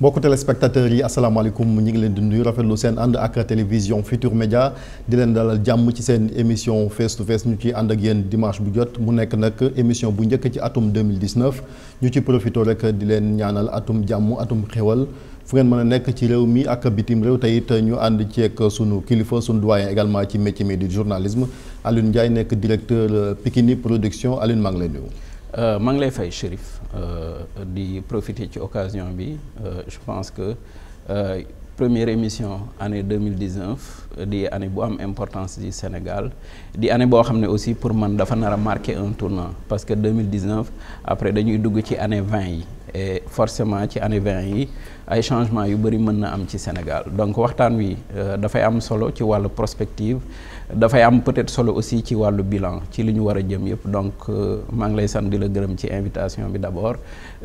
mbokku téléspectateurs yi asalaamaaleykum ñu ngi leen di nuyu rafetlu seen ànd ak télévision Futur Média di leen dalal jàmm ci seen émission face to face ñu ci ànd ak yéen dimanche bu jot mu nekk nag émission bu njëkk ci atum 2019 ñu ci profité rek di leen ñaanal atum jàmm atum xéwal fu ngeen mën a nekk ci réew mi ak bitim réew te it ñu ànd ceeg sunu kilifa sunu doyen également ci métier mi di journalisme Alioune Ndiaye nekk directeur Pikini production Alioune maa lay nuyu. Euh, maa ngi lay fay Chérif Euh, di profiter ci occasion bi euh, je pense que euh, première émission année 2019 di année bu am importance di Sénégal di année boo xam ne aussi pour man dafa nar a marqué un tournant parce que 2019 après dañuy dugg ci année 20 yi e forcément ci année 20 yi ay changements yu bëri mën na am ci Sénégal donc waxtaan wi dafay am solo ci wàllu prospective dafay am peut-être solo aussi ci wàllu bilan ci li ñu war a jëm yëpp donc euh, maa ngi lay sant di la gërëm ci invitation bi d'abord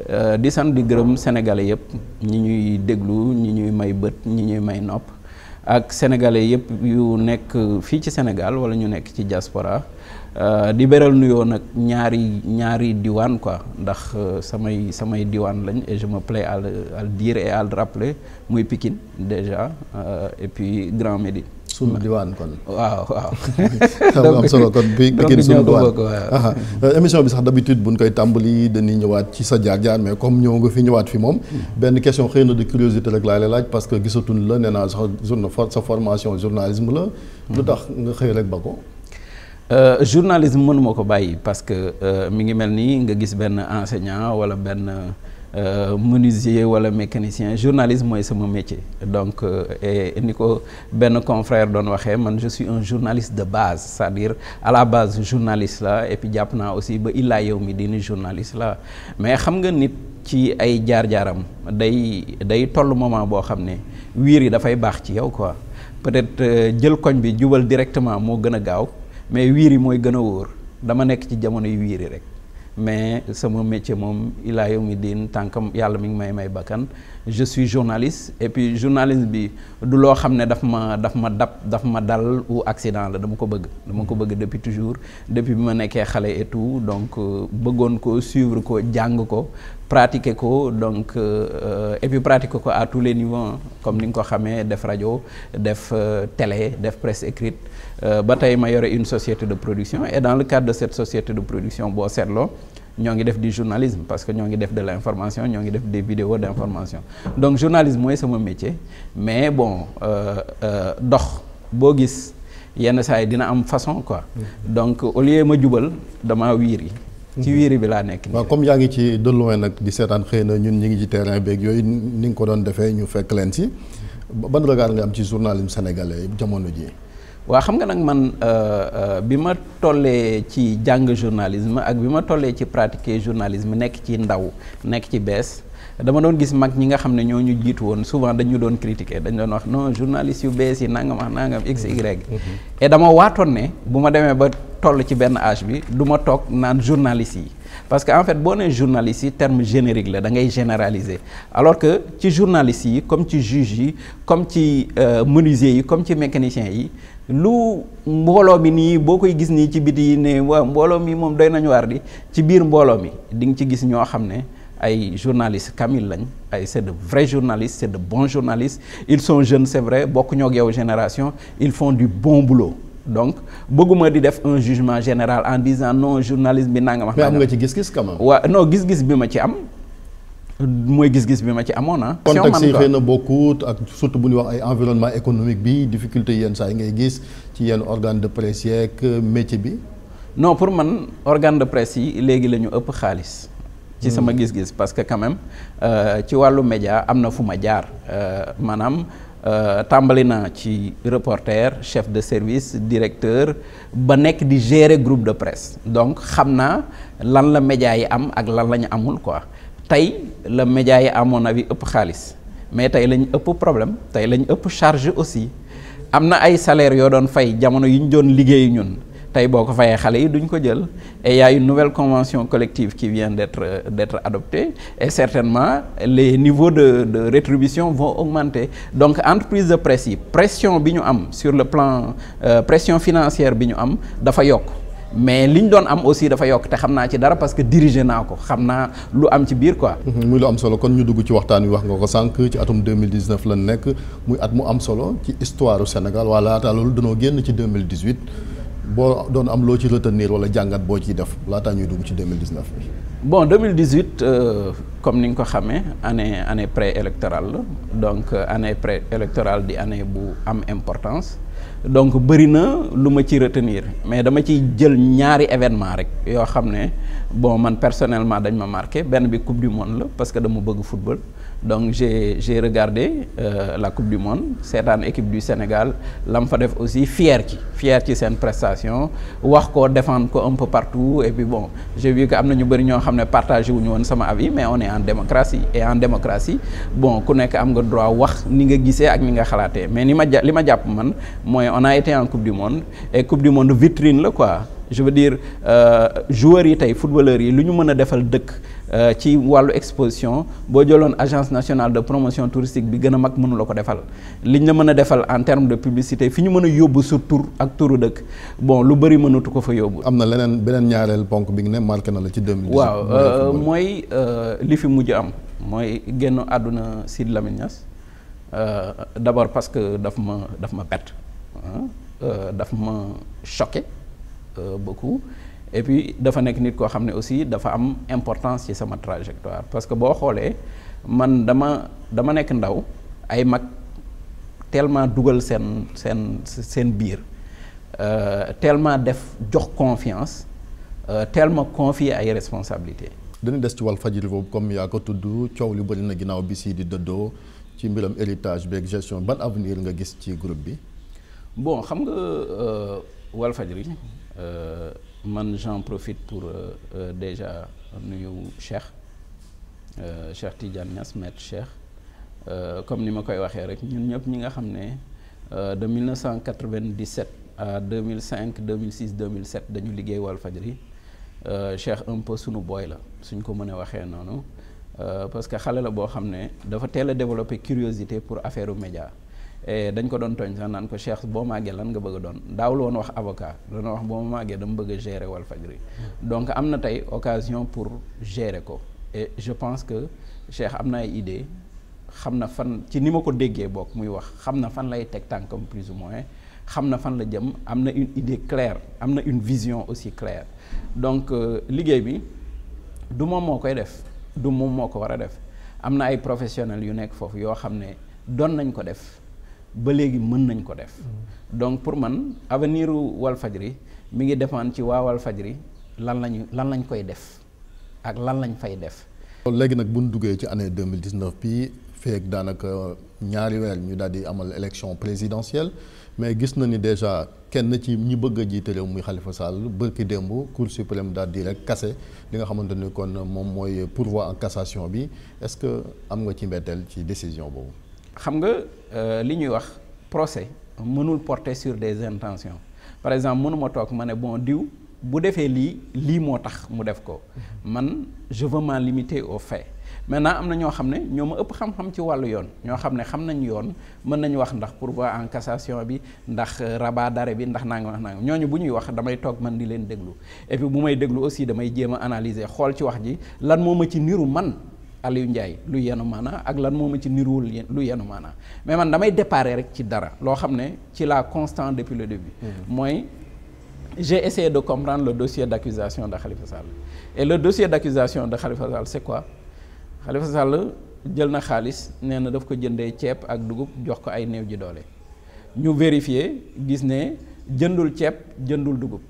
euh, di sant di gërëm sénégalais yëpp ñi ñuy déglu ñi ñuy may bët ñi ñuy may nopp ak sénégalais yëpp yu nekk fii ci Sénégal wala ñu nekk ci diaspora euh, di beral nuyoo nag ñaari ñaari diwaan quoi ndax samay samay diwaan lañ et je me plais à le et à le muy Pikine déjà et puis Grand Médine sunu diwaan kon. waaw waaw. xam am solo kon bi Pikine sunu diwaan émission eh, bi sax d'habitude buñ koy tàmbali dañuy ñëwaat ci sa jaar-jaar mais comme ñëw nga fi ñëwaat fi moom. Hmm. benn question xëy na de curiosité rek laa lay laaj parce que gisatuñ la nee naa sax sa formation journalisme la. Hmm. lu tax nga xëy rek ba ko. Euh, journalisme mënuma ko bàyyi parce que euh, mi ngi mel nii nga gis benn enseignant wala benn. Euh, menuisier wala mécanicien journaliste mooy sama métier donc euh, et ni ko benn confrère doon waxee man je un journaliste de base c'est-à-dire à la base journaliste la et jàpp naa aussi ba illaa yow mi dini journaliste la mais xam nga nit ci ay jaar-jaaram day day toll moment boo xam ne wiir yi dafay baax ci yow quoi peut-être euh, jël koñ bi jubal directement moo gën a gaaw mais wiir yi mooy gën a wóor dama nekk ci jamono yu wiir yi rek mais sama métier moom ilaa yawmi diin tànkam yàlla mi ngi may may bàkkan je suis journaliste et journaliste bi du loo xam ne daf ma daf ma dab daf ma dal ou accident la dama ko bëgg dama ko bëgg depuis toujours depuis bi ma nekkee xale et tout donc euh, bëggoon ko suivre ko jàng ko pratiquer ko donc euh, euh et puis pratiquer ko à tous les niveaux comme ni nga ko xamee def rajo def euh, télé def presse écrite ba tey ma yore une société de production et dans le cadre de cette boo seetloo ñoo ngi def di journalisme parce que ñoo ngi def de l'information ñoo ngi def des vidéos d'information donc journalisme mooy sama métier mais bon euh, euh, dox boo gis yenn saa yi dina am façon quoi mm-hmm. donc au lieu ma jubal damaa wiir yi ci mm-hmm. wiiri bi laa nekk. waaw comme yaa ngi ci de loin nag di seetaan xëy na ñun ñu ngi ci terrain beeg yooyu ni nga ko doon defee ñu fekk leen si ban regard nga am ci journalisme sénégalais jamono ji waa xam nga nag man euh, euh, bi ma tollee ci jàng journalisme ak bi ma tollee ci pratiquer journalisme nekk ci ndaw nekk ci bees dama doon gis mag ñi nga xam ne ñoo ñu jiitu woon souvent dañu doon critiquer dañu doon wax non journaliste yu bees yi nangam ak nangam x y. Mm-hmm. et dama waatoon ne bu ma demee ba toll ci benn âge bi duma toog naan journaliste yi. parce que en fait boo nee journaliste yi terme générique la da ngay généraliser alors que ci journaliste yi comme ci juge yi comme ci euh, menuisier yi comme ci mécanicien yi lu mbooloo bi nii boo koy gis nii ci biti ne waa mbooloo mi moom doy nañu waar di ci biir mbooloo mi di nga ci gis ñoo xam ne ay journalistes Camille lañ ay c'est de vrais journalistes c'est de bon journalistes ils sont jeune c'est vrai bokk ñoo yow génération ils font du bon boulot. donc bëgguma di def un jugement général en disant non journalisme bi nangam. mais am nga ci gis-gis quand waa no non gis-gis bi ma ci am. mooy gis-gis bi ma ci amoon ah. contexte yi xëy na bokkut ak surtout bu ñuy wax ay environnement économique bi difficulté yenn saa yi ngay gis ci yenn organe de presse ek métier bi. non pour man organe de presse yi léegi la ñu ëpp xaalis. ci sama hmm. gis-gis parce que quand même euh, ci wàllu média am na fu ma jaar euh, maanaam. Euh, tàmbali na ci reporter chef de service directeur ba nekk di gérer groupe de presse donc xam naa lan la média yi am ak lan la ñu amul quoi tey la média yi amoon mon bi ëpp xaalis mais tey lañ ëpp problème tey lañ ëpp charge aussi am na ay salaire yoo doon fay jamono yu ñu doon liggéey ñun tey boo ko fayee xale yi duñ ko jël et il y a une nouvelle convention collective qui vient d'être d'être adoptée et certainement les niveaux de de rétribution vont augmenter donc entreprise de presse yi pression bi ñu am sur le plan euh, pression financière bi ñu am dafa yokk mais li ñu doon am aussi dafa yokk te xam naa ci dara parce que diriger naa ko xam naa lu am ci biir quoi. Mm-hmm. muy lu am solo kon ñu dugg ci waxtaan wi wax nga ko sànq ci atum 2019 lan nekk muy at mu am solo ci histoire du wala laata loolu danoo génn ci 2018. boo doon am loo ci retenir wala jàngat boo ciy def laataa ñuy dugg ci 2019 bi. bon 2018 euh, comme ni nga ko xamee année année préélectorale la donc euh, année préélectorale di année bu am importance donc bëri na lu ma ci retenir mais dama ciy jël ñaari événement rek yoo xam ne bon man personnellement dañ ma marqué benn bi coupe du monde la parce que dama bëgg football. donc j'ai j'ai regardé euh, la coupe du monde seetaan équipe du Sénégal la mu fa def aussi fier ci fier ci seen prestation wax ko défendre ko un peu partout et bon j'ai vu que am na ñu bëri ñoo xam ne partagé wuñu woon sama avis mais on est en démocratie et en démocratie bon ku nekk am nga droit wax ni nga gisee ak ni nga xalaatee mais ni ma ja li ma jàpp man mooy on a été en coupe du monde et coupe du monde vitrine la quoi je veux dire euh, joueurs yi tey footballeurs yi lu ñu mën a defal dëkk. Euh, ci wàllu exposition boo jëloon agence nationale de promotion touristique bi gën a mag mënula ko defal liñ la mën a defal en terme de publicité fi ñu mën a yóbbu sa ak turu dëkk bon lu bëri mënatu ko fa yóbbu. am na leneen beneen ñaareel ponk bi nga ne marqué na la ci 2010. waaw euh, mooy euh, li fi mujj am mooy génn àdduna Sidy Lamine Niass d'abord parce que daf ma daf ma bett daf ma choqué beaucoup. et puis dafa nekk nit koo xam ne aussi dafa am importance ci sama trajectoire parce que boo xoolee man dama dama nekk ndaw ay mag tellement dugal seen seen seen biir euh, tellement def jox confiance euh, tellement confier ay responsabilités. dañu des ci Walfadjri boobu comme yaa ko tudd coow li bëri na ginnaaw bi si di dëddoo ci mbiram héritage beeg gestion ban avenir nga gis ci groupe bi. bon xam nga euh, Walfadjri. man j'en profite pour euh, euh, déjà nuyu Cheikh euh, Cheikh Tidiane Niass maître Cheikh euh, comme ni ma koy waxee rek ñun ñëpp ñi nga xam ne euh, de 1997 à 2005 2006 2007 dañu liggéey Walfadjri Cheikh un peu sunu booy la suñ ko mënee waxee noonu parce que xale la boo xam ne dafa teel a développer curiosité pour affaire u média Eh, dañ ko doon tooñ sax naan ko Cheikh boo màggee lan nga bëgg doon daawul woon wax avocat doon wax boo ma màggee dama bëgg a gérer Walfadjri donc am na tey occasion pour gérer ko et je pense que Cheikh am na ay idée xam na fan ci ni ma ko déggee bokk muy wax xam na fan lay teg tànkam plus ou moins xam na fan la jëm am na une idée claire am na une vision aussi claire donc euh, liggéey bi du moom moo koy def du moom moo ko war a def am na ay professionnels yu nekk foofu yoo xam ne doon nañ ko def ba léegi mën nañ ko def donc pour man avenir Walfadjri mu ngi dépendre ci waa Walfadjri lan lañu lan lañ koy def ak lan lañ fay def léegi nag bu ñu duggee ci année 2019 bii feek daanaka ñaari weer ñu daal di amal élection présidentielle mais gis na ni déjà kenn ci ñi bëgg a jiite réew muy Khalifa Sall bërki démb Cour suprême daal di rek kase li nga xamante ni kon moom mooy pourvoi en cassation bi est-ce que am nga ci mbetteel ci décision boobu xam nga euh, li ñuy wax procès mënul porter sur des intentions par exemple mënuma toog ma ne bon diw bu defee lii lii moo tax mu def ko man je veux m'en limiter aux faits maintenant am na ñoo xam ne ñoo ma ëpp xam-xam ci wàllu yoon ñoo xam ne xam nañu yoon mën nañu wax ndax pourvoi en cassation bi ndax rabat d'arrêt bi ndax nangam wax nangam ñooñu bu ñuy wax damay toog man di leen déglu et bu may déglu aussi damay jéem a analyser xool ci wax ji lan moom ma ci niru man Aliou Ndiaye lu yenu maana ak lan moo ma ci niruwul lu yenu maana mais man damay déparé rek ci dara loo xam ne ci la constant depuis le début mm-hmm. mooy j'ai de comprendre le dossier d'accusation de Khalifa Sall et le dossier d'accusation de Khalifa Sall c'est quoi Khalifa Sall jël na xaalis nee na daf ko jëndee ceeb ak dugub jox ko ay néew ji doole ñu vérifier gis ne jëndul ceeb jëndul dugub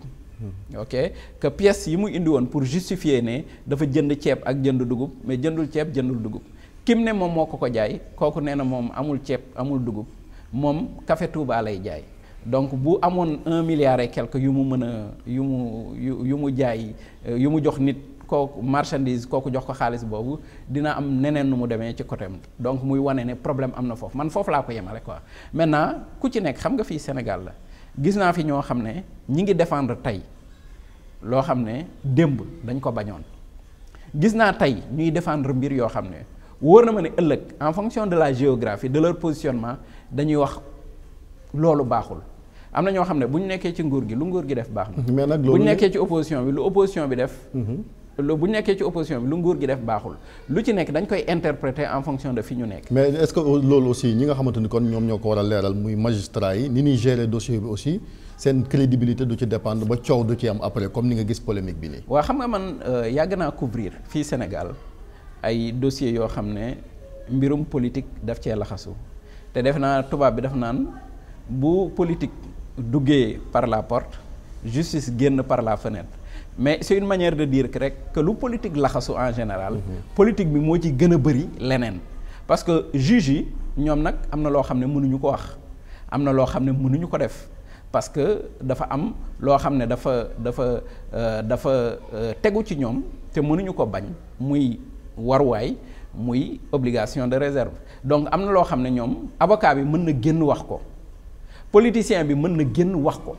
ok que pièces yi mu indi woon pour justifier ne dafa jënd ceeb ak jënd dugub mais jëndul ceeb jëndul dugub kim ne moom moo ko ko jaay kooku nee na moom amul ceeb amul dugub moom café Touba lay jaay donc bu amoon un milliard et quelque yu mu mën a yu mu yu yu mu jaay euh, yu mu jox nit kooku marchandise kooku jox ko xaalis boobu dina am neneen nu mu demee ci côté donc muy wane ne problème am na foofu man foofu laa ko yemale quoi maintenant ku ci nekk xam nga fii Sénégal gis naa fi ñoo xam ne ñi ngi défendre tey loo xam ne démb dañ ko bañoon gis naa tey ñuy défendre mbir yoo xam ne wóor na ma ne ëllëg en fonction de la géographie de leur positionnement dañuy wax loolu baaxul am na ñoo xam ne bu ñu nekkee ci nguur gi lu nguur gi def baax na. mais nag loolu bu ñu nekkee ci opposition bi lu opposition bi def. Mm-hmm. lu bu nekkee ci opposition bi lu nguur gi def baaxul lu ci nekk dañ koy interpréter en fonction de fi ñu nekk. mais est-ce que loolu aussi ñi nga xamante ni kon ñoom ñoo ko war a leeral muy magistrat yi ni ñuy gérer dossier bi aussi seen crédibilité du ci dépendre ba coow du ci am après comme ni nga gis polémique bi nii. waaw xam nga man euh, yàgg naa couvrir fii Sénégal ay dossiers yoo xam ne mbirum politique daf cee laxasu te def naa tubaab bi daf naan bu politique duggee par la porte justice génn par la fenêtre. mais c'est une manière de dire que rek lu politique laxasu en général. politique bi moo ci gën a bëri leneen. parce que juge yi ñoom nag am na loo xam ne mënuñu ko wax am na loo xam ne mënuñu ko def parce que dafa am loo xam ne dafa dafa euh, dafa euh, tegu ci ñoom te mënuñu ko bañ muy waruwaay muy obligation de réserve donc am na loo xam ne ñoom avocat bi mën na génn wax ko politicien bi mën na génn wax ko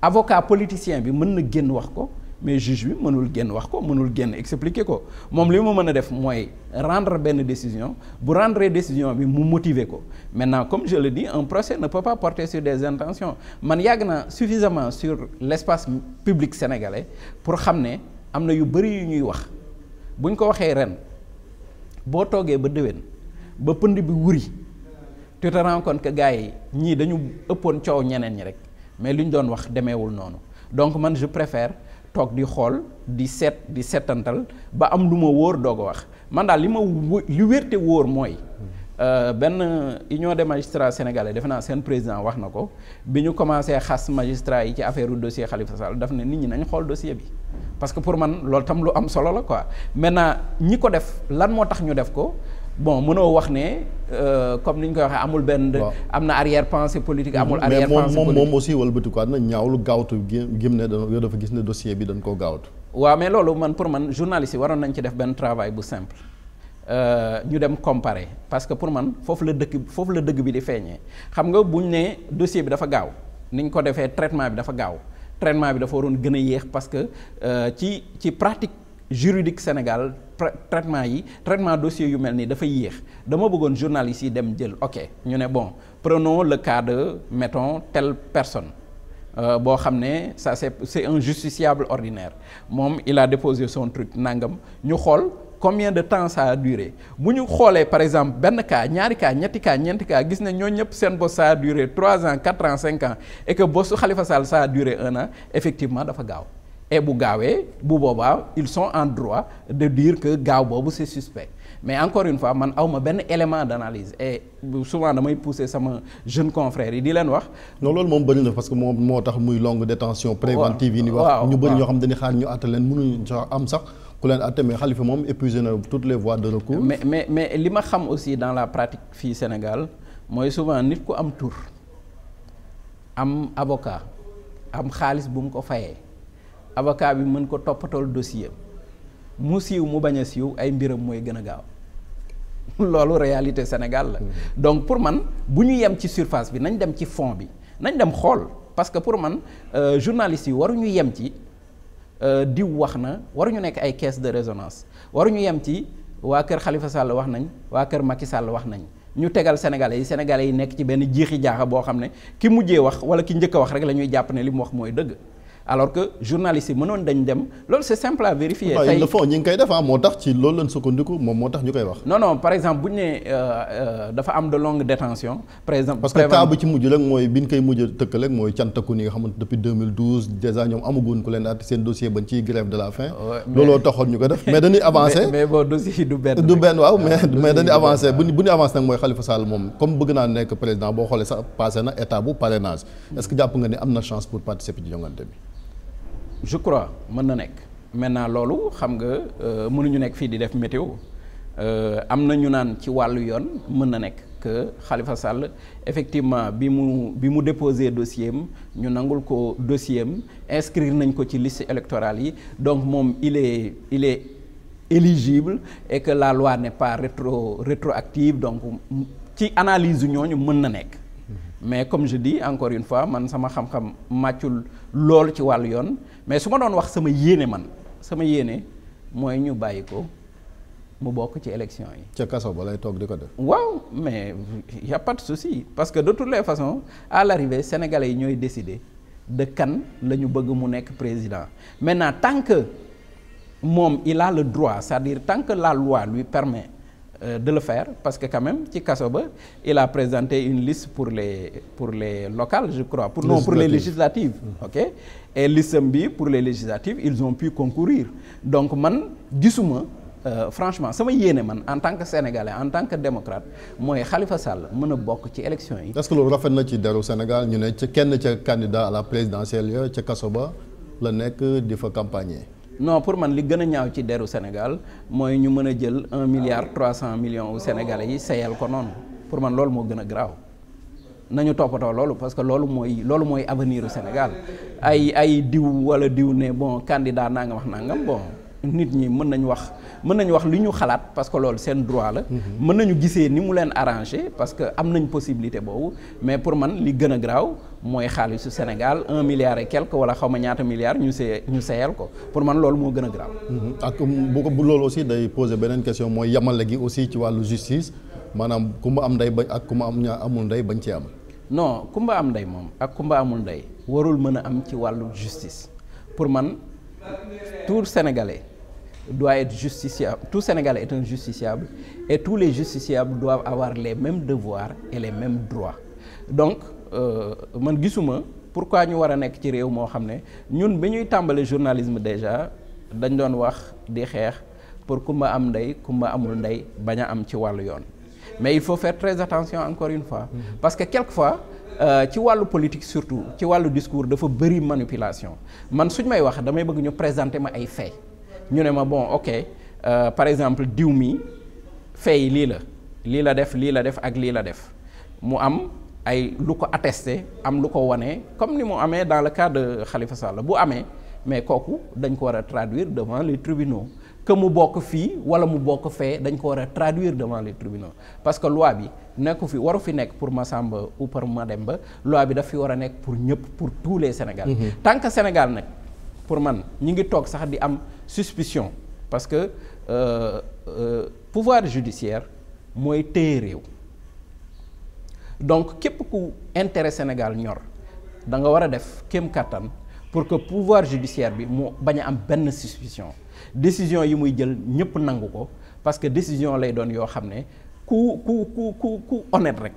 avocat politicien bi mën na génn wax ko. mais juge bi mënul génn wax ko mënul génn expliquer ko moom li mu mën a def mooy rendre benn décision bu rendre décision bi mu motiver ko maintenant comme je le dis un procès ne peut pas porter sur des intentions man yàgg naa suffisamment sur l'espace public sénégalais pour xam ne am na yu bëri yu ñuy wax buñ ko waxee ren boo toogee ba déwén ba pënd bi wuri tu te rends compte que gars yi ñii dañu ëppoon coow ñeneen ñi rek mais li ñu doon wax demeewul noonu donc man je toog di xool di seet di setantal ba am lu ma wóor doog a wax man daal li ma li wérte wóor mooy euh, benn union des magistrats sénégalais defe naa seen président wax na ko bi ñu commencé xas magistrats yi ci affaire u dossier Khalifa Sall daf ne nit ñi nañ xool dossier bi parce que pour man loolu tam lu am solo la quoi maintenant ñi ko def lan moo tax ñu def ko bon mënoo wax ne euh, comme ni ñu koy waxee amul benn. am na arrière pensée politique amul. arrière pensée politique mais moom moom aussi wëlbatikuwaat na ñaawlu gaawtu gi gim ne dañoo dafa gis ne dossier bi dañ koo gaawtu. waaw mais loolu man pour man journaliste yi waroon nañ ci def benn travail bu simple euh, ñu dem comparer parce que pour man foofu la dëkk foofu la dëgg bi di feeñee xam nga buñ ne dossier bi dafa gaaw ni ñu ko defee traitement bi dafa gaaw traitement bi dafa waroon gën a yéex parce que euh, ci ci pratique juridique Sénégal. traitement yi traitement dossier yu mel nii dafay yéex dama bëggoon journaliste yi dem jël ok ñu ne bon prenons le cas de mettons telle personne euh, boo xam ne sa c'est c'est un justiciable ordinaire moom il a déposé son truc nangam ñu xool combien de temps ça a bu ñu xoolee par exemple benn cas ñaari cas ñetti cas ñeenti cas gis ne ñoo ñëpp seen bos ça a trois ans quatre ans cinq ans et que xalifa Khalifa Sall ça a duré un effectivement dafa gaaw et bu gaawee bu boobaa ils sont en droit de dire que gaaw boobu c'est suspect mais encore une fois man awma benn élément d'analyse et souvent damay pousser sama jeune confrère yi di leen wax. non loolu moom bëri na parce que moom moo tax muy longue détention préventive yi ni wax ñu bëri ñoo xam dañuy xaar ñu àtte leen mënuñu sax am sax. ku leen àtte mais Khalifa moom épuisé na toutes les voies de recours. mais mais mais li ma xam aussi dans la pratique fii Sénégal mooy souvent nit ku am tour am avocat am xaalis bu ko fayee. avocat bi mën ko toppatool dossier mu siiw mu bañ a siiw ay mbiram mooy gën a gaaw loolu réalité Sénégal la. Mm-hmm. donc pour man bu ñu yem ci surface bi nañ dem ci fond bi nañ dem xool parce que pour man euh, journalistes yi waru ñu yem ci euh, diw wax na waruñu nekk ay caisse de résonance waruñu yem ci waa kër xalifa Sall wax nañ waa kër Macky Sall wax nañ. ñu tegal sénégalais yi sénégalais yi nekk ci benn jiixi jaaxa boo xam ne ki mujjee wax walla ki njëkk a wax rekk la ñuy jàpp ne li mu wax mooy dëgg alors que journalistes yi mënoon dañ dem loolu c'est simple à vérifier. tey le koy def ah, moo tax ci loolu lañ sukkandiku moom moo tax ñu koy wax. non non par exemple bu ñu nee euh, euh, dafa am de longue détention par exemple. parce que cas bu ci mujj rek mooy bi ñu koy mujj tëkk rek mooy cantaku ni nga xamante depuis 2012 déjà ñoom amaguñ ku leen aati seen dossier bañ ciy grève de la faim. looloo taxoon ñu ko def mais dañuy avancer. mais bon dossier du benn. du benn waaw mais ah, dañuy avancer bu ñu bu ñu avancer nag mooy Khalifa Sall moom comme bëgg naa nekk na état bu parrainage je crois mën na nekk maintenant loolu xam nga euh, mënuñu nekk fii di def météo euh, am na ñu naan ci wàllu yoon mën na nekk que xalifa Sall effectivement bi mu bi mu déposé dossier ñu nangul ko dossier am nañ ko ci liste électorale yi donc moom il est il est éligible et que la loi n'est pas rétro rétroactive donc ci analyse ñooñu mën na nekk mais comme je di encore une fois man sama xam-xam màccul lool ci wàllu yoon mais su ma doon wax sama yéene man sama yéene mooy ñu bàyyi ko mu bokk ci élection yi. ca kaso ba lay toog di ko def. waaw mais y a si parce que de toutes les façons à l'arrivée sénégalais yi ñooy décider de kan la bëgg mu nekk président maintenant tant que moom il a le droit c'est-à-dire tant que la loi lui permet. Euh, de le faire parce que quand ci kaso ba il a présenté une liste pour les pour les locales je crois pour non pour les législatives mm-hmm. ok et listam bi pour les législatives ils ont pu concourir donc man gisuma Euh, franchement sama yéene man en tant que sénégalais en tant que démocrate mooy Khalifa Sall mën a bokk ci élection yi. parce ce que loolu rafet na ci deru Sénégal ñu ne ca kenn ca candidat à la présidentielle ca kaso ba la nekk di fa campagne. non pour man li gën a ñaaw ci deru Sénégal mooy ñu mën a jël un milliard trois cent millions wu Sénégalais yi seyal ko noonu pour man loolu moo gën a graaw nañu toppatoo loolu parce que loolu mooy loolu mooy avenir Sénégal ay ay diw wala diw ne bon candidat nangam wax naa ngam bon nit ñi mën nañu wax mën nañu wax li ñu xalaat parce que loolu seen droit la. Mhm. mën nañu gisee ni mu leen arrangé parce que am nañ possibilité boobu mais pour man li gën a graaw. mooy xaalisu Sénégal un milliard et quelque wala xaw ma ñaata milliards ñu see ñu seeyal ko pour man loolu moo gën a grave. Mm-hmm. ak bu ko bu loolu aussi day poser beneen question mooy yamale gi aussi ci wàllu justice maanaam ku mu am ndey ba ak ku mu am ñaa amul ndey bañ ci am. non kumba am ndey moom ak kumba amul ndey warul mën a am ci wàllu justice pour man tout sénégalais doit être justiciable tout sénégalais est un justiciable et tous les justiciables doivent avoir les mêmes devoirs et les mêmes droits donc. Euh, man gisuma pourquoi ñu war a nekk ci réew moo xam ne ñun bi ñuy tàmbale journalisme déjà dañ doon wax di xeex pour kumba am ndey kumba amul ndey bañ a am ci wàll yoon mais il faut faire très attention encore une fois mm-hmm. parce que quelquefois euh, ci wàllu politique surtout ci wàllu discours dafa bëri manipulation man suñ may wax damay bëgg ñu présenter ma ay faits ñu ne ma bon ok euh, par exemple diw mi faits lii la lii la def lii la def ak lii la def mu am ay lu ko attesté am lu ko wane comme ni mu amee dans le cas de Khalifa Sall bu amee mais kooku dañ ko war a traduire devant les tribunaux que mu bokk fii wala mu bokk fee dañ ko war a traduire devant les tribunaux parce que loi bi nekku fi waru fi nekk pour ma Massamba ou pour Mademba loi bi daf fi war a nekk pour ñëpp pour tous les Sénégalais. Mm-hmm. tant que Sénégal nag pour man ñi ngi toog sax di am suspicion parce que euh, euh, pouvoir judiciaire mooy téye réew. donc képp ku intérêt Sénégal ñor danga war a def kéem kattan pour que pouvoir judiciaire bi mu bañ am benn suspicion décision yi muy jël ñëpp nangu ko parce que décision lay doon yoo xam ne ku ku ku ku ku honnête rek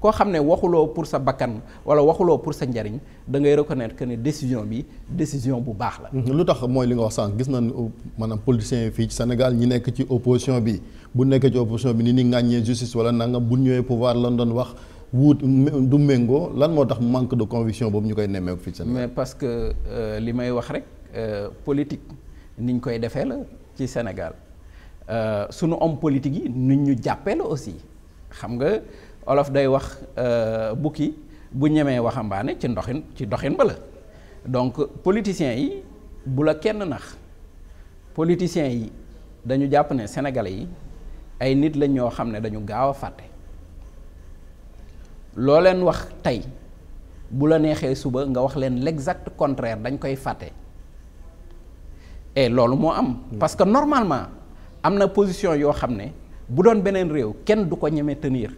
koo xam ne waxuloo pour sa bakkan walla waxuloo pour sa njariñ da ngay reconnaître que ne décision bi décision bu baax la. lu tax mooy li nga wax sànq gis nañ maanaam politiciens yi fii ci Sénégal ñi nekk ci opposition bi bu nekk ci opposition bi ni ni ŋàññee justice walla nangam bu ñëwee pouvoir lan doon wax. wuut du méngoo lan moo tax manque de conviction boobu ñu koy nemmeeku fii Sénégal. mais parce que euh, li may wax rek euh, politique niñ koy defee la ci Sénégal euh, sunu om politique yi niñ ñu jàppee la aussi xam nga olof day wax bukki bu ñemee waxambaane ci ndoxin ci doxin ba la donc politiciens yi bu la kenn nax politiciens yi dañu jàpp ne sénégalais yi ay nit lañ ñoo xam ne dañu gaaw a fàtte. loo leen wax tey bu la neexee suba nga wax leen l'exact contraire dañ koy fàtte et loolu moo am. Mm. parce que normalement am na position yoo xam ne bu doon beneen réew kenn du ko ñeme tenir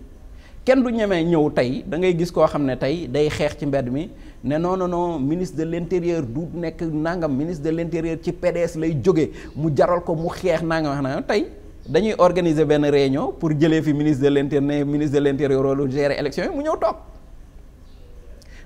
kenn du ñeme ñëw tey da ngay gis koo xam ne tey day xeex ci mbedd mi ne non non non ministre de l'intérieur du nekk nangam ministre de l'intérieur ci PDS lay jóge mu jaral ko mu xeex nangam wax na tey. dañuy organiser benn réunion pour jëlee fi ministre de l'intérieur ministre de l'intérieur loolu gérer élection yi mu ñëw toog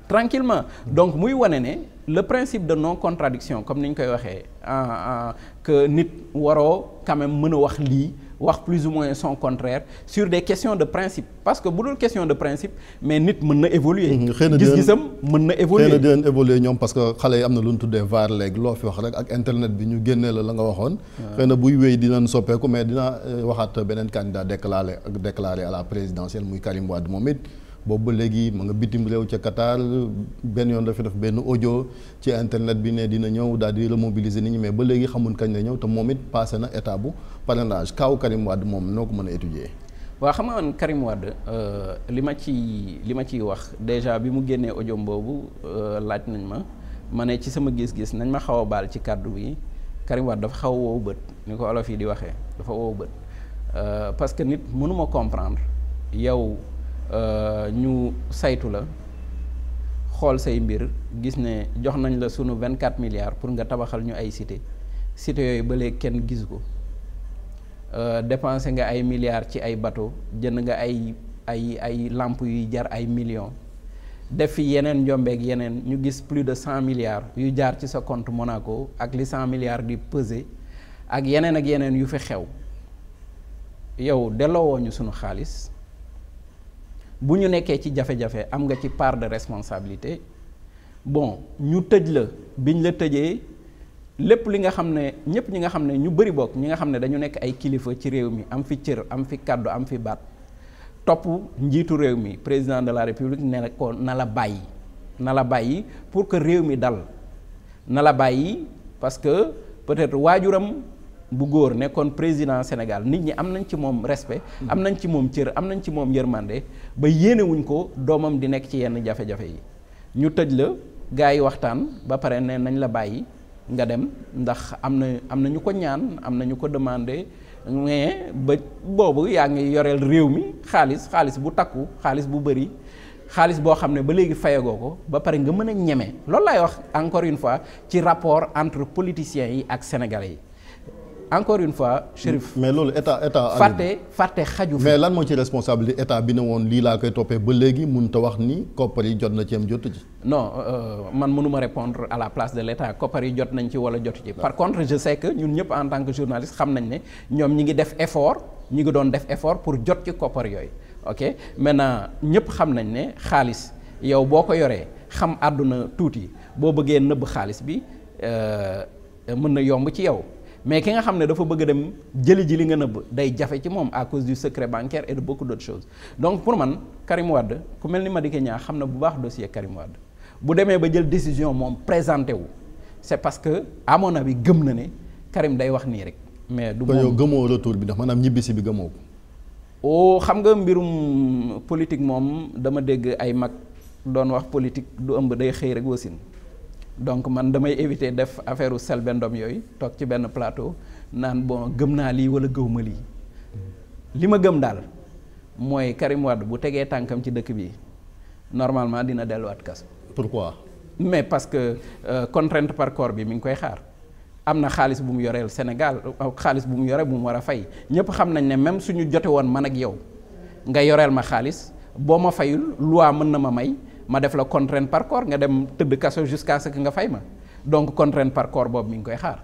tranquillement donc muy wane ne le principe de non contradiction comme ni ñu koy waxee ah, ah, que nit waroo quand mën a wax lii wax plus ou moins son contraire sur des questions de principe parce que bu dul question de principe mais nit mën na évoluer mm-hmm. gis-gisam mën na évoluer xëy na dinañ évoluer ñoom parce que xale yi am na lu ñu tuddee vaar léegi loo fi wax rek ak internet bi ñu génnee la la nga waxoon xëy na buy wéy dinañ soppeeku mais dina euh, waxaat beneen candidat déclaré déclaré à la présidentielle muy Karim Wade moom it boobu ba léegi ma nga bitim réew ca Qatar benn yoon dafa def benn ojo ci internet bi ne dina ñëw daal di remobiliser ni ñu mais ba léegi xamul kañ la ñëw te moom it passé na état bu parrainage kaaw Karim Wade moom noo ko mën a étudier. waa xam nga man Karim Wade euh, li ma ci li ma ciy wax déjà bi mu génnee audio boobu euh, laaj nañ ma ma ne ci sama gis-gis nañ ma xaw a baal ci kàddu bi Karim dafa xaw a wow bët ni ko olof yi di waxee dafa wow bët euh, parce que nit mënuma comprendre yow. Euh, ñu saytu la xool say mbir gis ne jox nañ la sunu vingt quatre milliards pour nga tabaxal ñu ay cité cité yooyu ba léegi kenn gis ko euh, dépensé nga ay milliards ci ay bateau jënd nga ay ay ay làmp yuy jar ay millions def fi yeneen njombeeg yeneen ñu gis plus de cent milliards yu jaar ci sa compte monako ak li cent milliards di peser ak yeneen ak yeneen yu fi xew yow delloo woo ñu sunu xaalis bu ñu nekkee ci jafe-jafe am nga ci part de responsabilité bon ñu tëj la biñ la tëjee lépp li nga xam ne ñëpp ñi nga xam ne ñu bëri bokk ñi nga xam ne dañu nekk ay kilifa ci réew mi am fi cër am fi kàddu am fi baat topp njiitu réew mi président de la république ne la ko na la bàyyi na la bàyyi pour que réew mi dal na la bàyyi parce que peut-être waajuram. bu góor nekkoon président Sénégal nit ñi am nañ ci moom respect. Mm-hmm. am nañ ci moom cër am nañ ci moom yërmande ba yéenewuñ ko doomam di nekk ci yenn jafe-jafe yi ñu tëj la gars yi waxtaan ba pare ne nañ la bàyyi nga dem ndax am na am na ñu ko ñaan am nañu ko demandé mais ba boobu yaa ngi yoreel réew mi xaalis xaalis bu takku xaalis bu bëri. xaalis boo xam ne ba léegi fayagoo ko ba pare nga mën a ñeme loolu laay wax encore une fois ci rapport entre politiciens yi ak sénégalais yi encore une fois Chérif. mais loolu état état. fàtte fàtte xaju mais lan moo ci responsabilité état bi ne woon lii laa koy toppee ba léegi mënut a wax ni koppar yi jot na ci am jotu ci. non euh, man mënuma répondre à la place de l' état koppar jot nañ ci wala jotu ci. par contre je sais ñun ñëpp en tant que journaliste xam nañ ne ñoom ñi ngi def effort ñi ngi doon def effort pour jot ci koppar yooyu ok mais maintenant ñëpp xam nañ ne xaalis yow boo ko yoree xam àdduna tuuti boo bëggee nëbb xaalis bi euh, mën na yomb ci yow. mais ki nga xam ne dafa bëgg dem jëli ji li nga nëbb day jafe ci moom à cause du secret bancaire et de beaucoup d'autres choses donc pour man Karim Wade ku mel ni Madické Niang xam na bu baax dossier Karim Wade bu demee ba jël décision moom présenté wu c'est parce que amoon na bi gëm na ne Karim day wax nii rek mais du moom yow gëmoo retour bi ndax maanaam ñibbisi bi gëmoo ko o oh, xam nga mbirum politique moom dama dégg ay mag doon wax politique du ëmb day xëy rek wasin donc man damay éviter def affaire selbendom yooyu toog ci benn plateau naan bon gëm naa lii wala gëwma lii li ma gëm daal mooy Karim Wade bu tegee tànkam ci dëkk bi normalement dina delluwaat kaso. pourquoi. mais parce que euh, contrainte par bi mi ngi koy xaar am na xaalis bu mu yoreel Sénégal euh, xaalis bu mu yore bum war a fay ñëpp xam nañ ne même suñu jote woon man ak yow nga yoreel ma xaalis boo ma fayul loi mën na ma may. ma def la contrainte par corps nga dem tëdd kaso jusqu'à ce que nga fay ma donc contrainte par corps boobu mi ngi koy xaar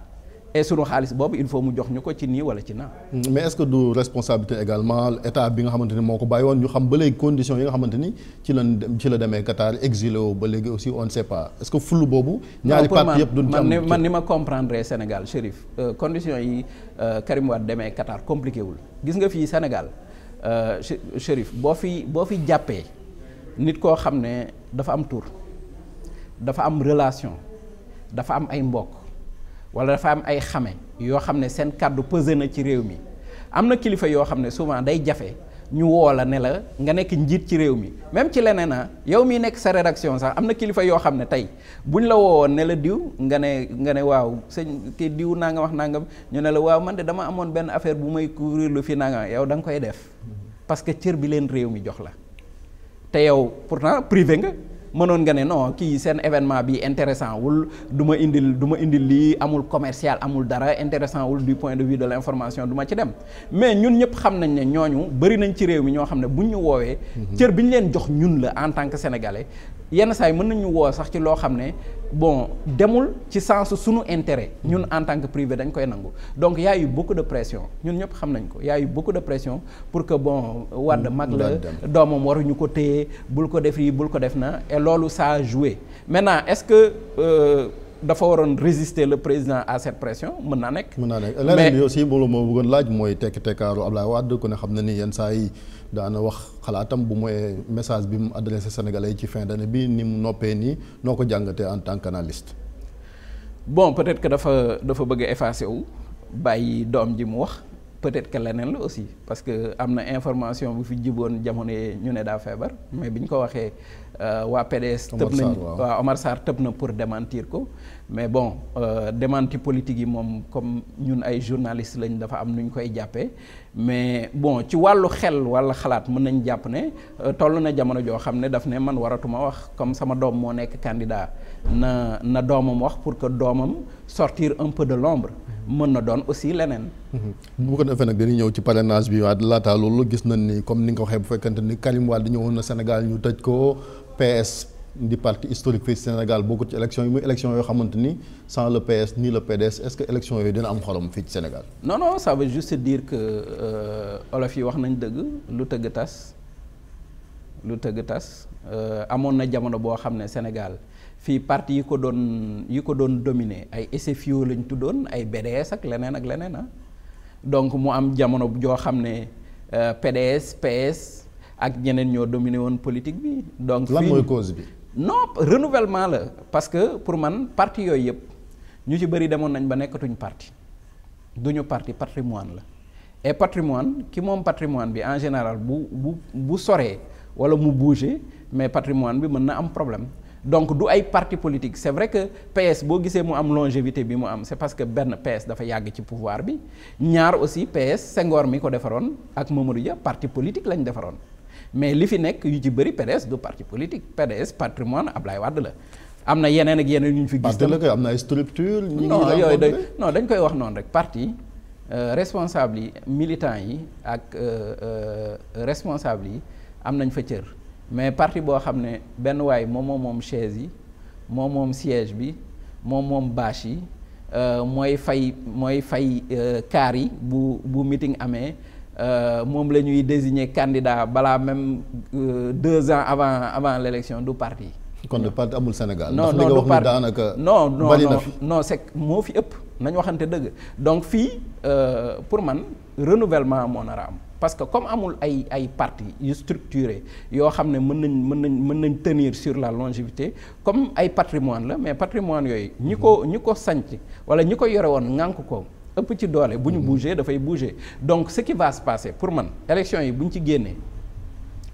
et sunu xaalis boobu il faut mu jox ñu ko ci nii wala ci naa. Mm, mais est-ce que du responsabilité également état bi nga xamante ni moo ko bàyyi woon ñu xam ba léegi conditions yi nga xamante ni ci la ci la demee Qatar exilé wu ba léegi aussi on ne sait pas est-ce que fulu boobu. ñaari parti yëpp duñ ci am man ni ma comprendre Sénégal Chérif euh, conditions yi euh, Karim Wade demee Qatar compliqué wul gis nga fii Sénégal euh, Chérif boo fi boo fi jàppee. nit koo xam ne dafa am tur dafa am relation dafa am ay mbokk wala dafa am ay xame yoo xam ne seen kàddu pesé na ci réew mi am na kilifa yoo xam ne souvent day jafe ñu woo la ne la nga nekk njiit ci réew mi même ci leneen a yow miy nekk sa rédaction sax am na kilifa yoo xam ne tey bu ñu la woowoon ne la diw nga ne nga ne waaw sëñ kii diw naa nga wax nangam ñu ne la waaw man de dama amoon benn affaire bu may couvrir lu fi nangam yow da nga koy def parce que cër bi leen réew mi jox la. te yow pourtant privé nga mënoon nga ne non kii seen événement bi intéressant wul du ma indil du ma indil lii amul commercial amul dara intéressant wul du point de vue de l'information du ci dem mais ñun ñëpp xam nañ ne ñooñu bari ci réew mi ñoo xam ne buñ ñu woowee mhm. cër bi ñu leen jox ñun la en tant que sénégalais yenn saa yi mën nañ ñu woo sax ci loo xam ne bon demul ci sens suñu intérêt ñun en tant que privé dañ koy nangu donc yaayu a de pression ñun ñëpp xam nañ ko y a de pression pour que bon Wade mag la doomam waruñu ko téye bul ko def yi bul ko def na et loolu ça a joué maintenant est-ce que euh, dafa waroon résister le président à cette pression mën naa nekk. mën naa nekk leneen bi aussi boobu moo bëggoon laaj mooy tekk tekkaaru Ablaye Wade ku ne xam na ni yenn saa yi. daana wax xalaatam bu mooy message bi mu adressé sénégalais yi ci fin d'année bi ni mu noppee nii noo ko jàngatee en tant qu'analyste bon peut-être que dafa dafa bëgg a wu bàyyi doom ji mu wax peut-être que leneen la aussi parce que am na information bu fi jiboon jamono yee ñu ne daa feebar mais bi ñu ko waxee euh, waa PDS tëb nañ waa Omar Sarr tëb na pour démentir ko mais bon euh, démenti politique yi moom comme ñun ay journalistes lañ dafa am nu ñu koy jàppee mais bon ci wàllu xel walla xalaat mën nañ jàpp ne euh, toll na jamono joo xam ne daf ne man waratuma wax comme sama doom moo nekk candidat na na doomam wax pour que doomam sortir un peu de l'ombre mën na doon aussi leneen. Mmh. bu ko defee nag dañuy ñëw ci parrainage bi waaye laata loolu gis na ni comme ni nga ko waxee bu fekkente ni Karim Wade ñëwoon na Sénégal ñu tëj ko PS. di parti historique fii Sénégal bokkut ci élection yi muy élection yoo xamante ni san le PS ni le PDS est-ce que élection yooyu dina am xorom fii ci Sénégal. non non ça veut juste dire que euh, olof yi wax nañ dëgg lu tëgg tas lu tëgg tas euh, amoon na jamono boo xam ne Sénégal fii parti yi ko doon yi ko doon dominer ay SFIO lañ tuddoon ay BDS ak leneen ak leneen ah. donc mu am jamono joo xam ne euh, PDS PS ak ñeneen ñoo dominer woon politique bi. donc lan mooy cause bi. non renouvellement la parce que pour man parti yooyu yëpp ñu ci bëri demoon nañ ba nekkatuñu parti duñu parti patrimoine la et patrimoine ki moom patrimoine bi en général bu bu bu soree wala mu bouger mais patrimoine bi mën na am problème donc du ay parti politique c'est vrai que PS boo gisee mu am longévité bi mu am c'est parce que benn PS dafa yàgg ci pouvoir bi ñaar aussi PS Senghor mi ko defaroon ak Mamadou Dia parti politique lañ defaroon mais li fi nekk yu ci bëri PDS du parti politique PDS patrimoine Ablaye Wade la am na yeneen ak yeneen yu ñu fi gis. parti la kay am na ay structure yooyu day non dañ wax noonu rek parti euh, responsable yi militants yi ak euh, euh, responsable yi am nañ fa cër mais parti boo xam ne benn waay moo moom moom chaise yi moo moom siège bi moom moom bâche yi mooy fay mooy fay kaar yi bu bu meeting amee. Euh, moom la ñuy désigner candidat balaa même euh, deux ans avant avant l'élection du parti. kon du parti amul Sénégal. non non du parti daanaka. non no non non c'est moo fi ëpp nañ waxante dëgg donc fii euh, pour man renouvellement moo nar a am. parce que comme amul ay ay parti yu structuré yoo xam ne mën nañ mën nañ mën nañ tenir sur la longévité comme ay patrimoine la mais patrimoine yooyu ñi ko ñi ko sanc wala ñi ko yore woon ŋànk ko ëpp ci doole bu ñu mm-hmm. bouger dafay bouger donc ce qui va se passer pour man élection yi bu ñu ci génnee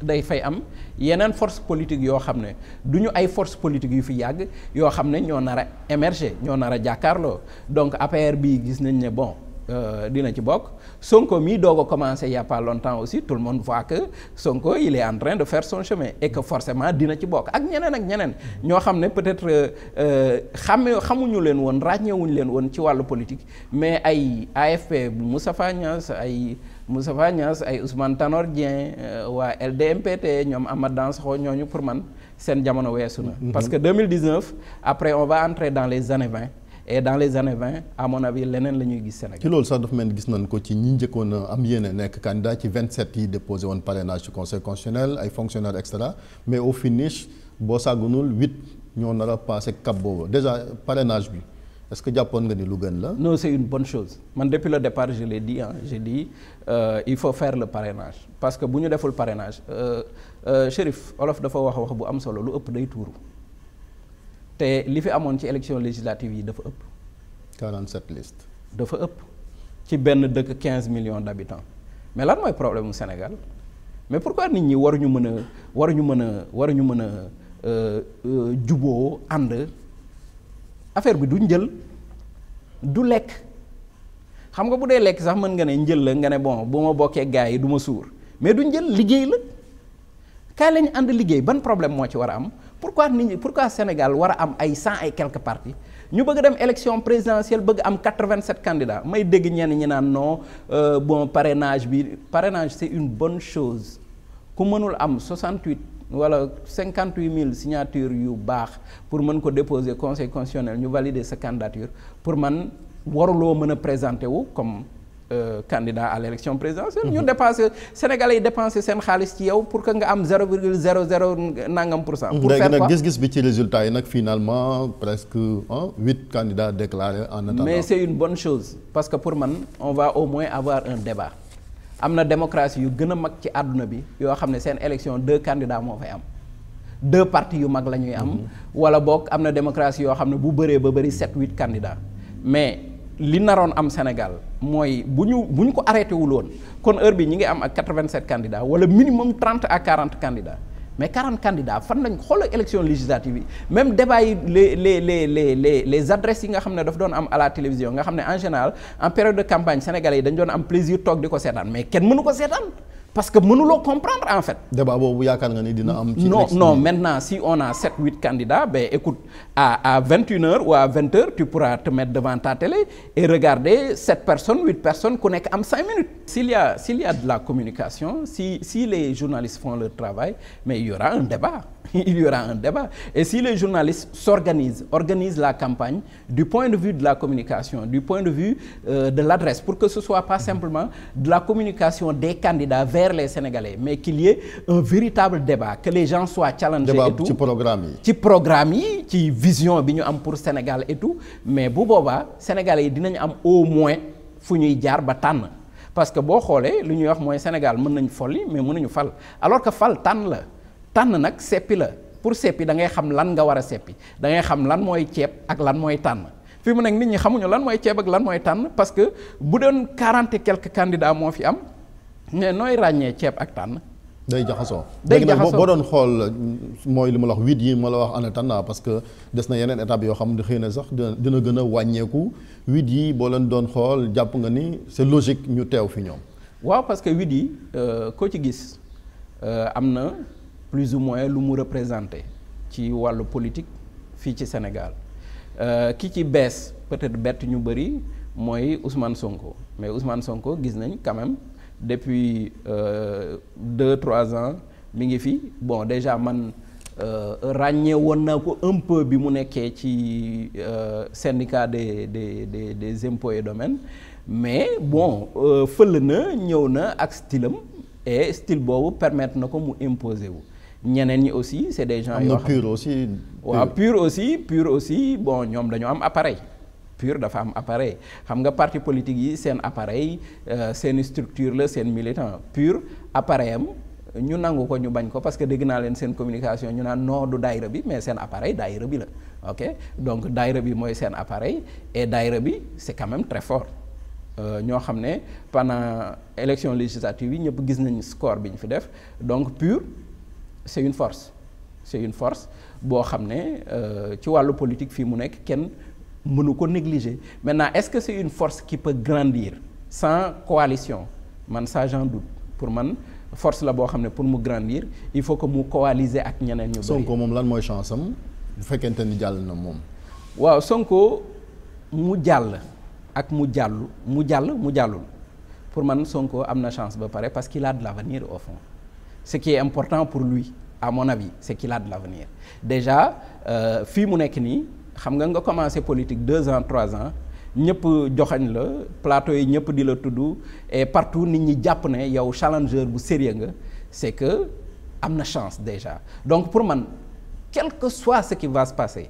day fay am yeneen force politique yoo xam ne du ñu ay force politique yu fi yàgg yoo xam ne ñoo nar a émerger ñoo nar a jàkkaarloo donc APR bii gis nañ ne bon Euh, dina ci bokk Sonko mii doog a commencé il y a longtemps aussi tout le monde voit que Sonko il est en de faire son chemin et que forcément dina ci bokk ak ñeneen ak ñeneen ñoo xam ne peut-être euh, euh, xame xamuñu leen woon ràññeewuñu leen woon ci wàllu politique mais ay AFP bu Moustapha Niasse ay Moustapha Niasse ay Ousmane Tanor Dieng waa LDMPT ñoom Amath Dansokho ñooñu pour man seen jamono weesu na. Mm-hmm. parce que 2019 après on va entrer dans les années 20. et dans les années 20 à mon leneen la ñuy gis Sénégal. ci loolu sax dafa mel ni gis nañ ko ci ñi njëkkoon am yéene nekk candidat ci 27 yi déposé woon parrainage ci conseil constitutionnel ay fonctionnaires et cetera mais au finish boo sàggunul 8 ñoo na a passé cap boobu déjà parrainage bi. est que jàppoon nga ni lu gën la. no c'est une bonne chose man depuis le départ je l'ai di ah j'ai dit euh, il faut fair le parrainage parce que bu ñu deful parrainage euh, euh, Chérif Olof dafa wax wax bu am solo lu ëpp day tuuru. te li fi amoon ci élection législative yi dafa ëpp. 47 listes. dafa ëpp ci benn dëkk quinze millions d' habitants mais lan mooy problème mu Sénégal mais pourquoi nit ñi waruñu mën a waruñu mën a waruñu mën a euh, euh, juboo ànd affaire bi du njël du lekk. xam nga bu dee lekk sax mën nga ne njël la nga ne bon bu ma bokkee gars yi du ma suur mais du njël liggéey la kaay lañu ànd liggéey ban problème moo ci war a am pourquoi nit ñi pourquoi Sénégal war a am ay cent et quelques partis ñu bëgg dem élection présidentielle bëgg am quatre-vingt-sept candidats may dégg ñeen ñi naan non euh, bon parrainage bi parenage c'est une bonne chose ku mënul am 68 wala 58 mille signatures yu baax pour mën ko déposer conseil constitutionnel ñu valider sa candidature pour man waruloo mën a présenter wu comme. Euh, candidat à l'élection présidentielle. ñu mhm. dépensé Sénégalais yi dépensé seen xaalis ci yow pour que nga am zéro virgule zéro zéro nangam pour cent. pour faire quoi léegi bi ci résultat yi nag finalement presque ah huit candidats déclarés en attendant. mais c'est une bonne chose parce que pour man on va au moins avoir un débat am na démocratie yu gën a mag ci àdduna bi yoo xam ne seen élection deux candidats moo fay am. deux partis yu mag la ñuy am. Mhm. wala boog am na démocratie yoo xam ne bu bëree ba bëri sept huit candidats mais. li naroon am Sénégal mooy bu ñu bu ñu ko arrêté wul woon kon heure bi ñu ngi am ak 87 candidats wala minimum 30 à 40 candidats mais 40 candidats fan lañ xoolal élection législative yi même débat yi le les les les les les adresses yi nga xam ne daf doon am à la télévision nga xam ne en général en période de campagne sénégalais yi dañ doon am plaisir toog di ko seetaan mais kenn mënu ko seetaan. parce que mënuloo comprendre en fait. débat boobu yaakaar nga ni dina am. ci non non maintenant si on a 7 8 candidats ben écoute à à 21h ou à 20h tu pourras te mettre devant ta télé et regarder 7 personnes 8 personnes ku nekk am 5 minutes. s'il y s'il y de la communication si si les journalistes font le travail mais il y aura un débat. il y aura un débat et si les journalistes s'organisent organisent la campagne du point de vue de la communication du point de vue euh, de l'adresse pour que ce soit pas simplement de la communication des candidats vers les Sénégalais mais qu'il y ait un véritable débat que les gens soient challengés et tout ci programme yi ci yi ci vision bi ñu am pour Sénégal et tout mais bu boobaa Sénégalais yi dinañ am au moins fu ñuy jaar ba tànn parce que boo xoolee lu ñuy wax mooy Sénégal mën nañ folli mais mënuñu fal alors que fal tànn la tànn nag seppi la pour seppi da ngay xam lan nga war a seppi dangay xam lan mooy ceeb ak lan mooy tànn fi mu nekk nit ñi xamuñu lan mooy ceeb ak lan mooy tànn parce que bu doon quarante et quelques moo fi am mais nooy ràññee ceeb ak tànn. day jaxasoo day jaxasoo boo doon xool euh, mooy li ma la wax huit yi ma la wax en attendant parce que des na yeneen étape yoo xam ne xëy na sax dina dina gën a wàññeeku huit yi boo leen doon xool jàpp nga ni c'est logique ñu teew fi ñoom. waaw que huit yi euh, koo ci gis euh, am na. plus ou moins lu mu représenté ci wàllu politique fii ci Sénégal euh, ki ci bees peut-être bett ñu bëri mooy Ousmane Sonko mais Ousmane Sonko gis nañ quand même depuis euh, deux trois ans mi ngi fi bon déjà man euh, ràññee woon naa ko un peu bi mu nekkee ci euh, syndicat de des des des impôts et domaines mais bon fël na ñëw na ak stylam et style boobu permettre na ko mu imposer wu. ñeneen ñi aussi c'est des gens. yoo xam pur aussi. waaw pur aussi pur aussi bon ñoom dañoo am appareil. pur dafa am appareil xam nga parti politique yi seen appareil euh, seen structure la seen militant pure appareil am ñu nangu ko ñu bañ ko parce que dégg naa leen seen communication ñu naan non du daayira bi mais seen appareil daayira bi la ok donc daayira bi mooy seen appareil et daayira bi c'est quand même très fort euh, ñoo xam ne pendant élection législative yi ñëpp gis nañu score bi ñu fi def c'est une force c'est une force boo xam ne euh, ci wàllu politique fii mu nekk kenn mënu ko négliger maintenant est-ce que c'est une force qui peut grandir sans coalition man ça j'en doute pour man force la boo xam ne pour mu grandir il faut que mu coaliser ak ñeneen ñu. Sonko moom lan mooy chance am bu fekkente ni jàll na moom. waaw Sonko mu jàll ak mu jàllu mu jàll mu jàllul pour man Sonko am na chance ba pare parce que a de l'avenir au fond. ce qui est important pour lui à mon avis c'est qu'il a de l'avenir déjà euh, fii mu nekk nii xam nga nga commencé politique deux ans trois ans ñëpp joxañ la plateau yi ñëpp di la tudd et partout nit ñi jàpp ne yow challenger bu sérieux nga c'est que am na chance déjà donc pour man quel que soit ce qui va se passer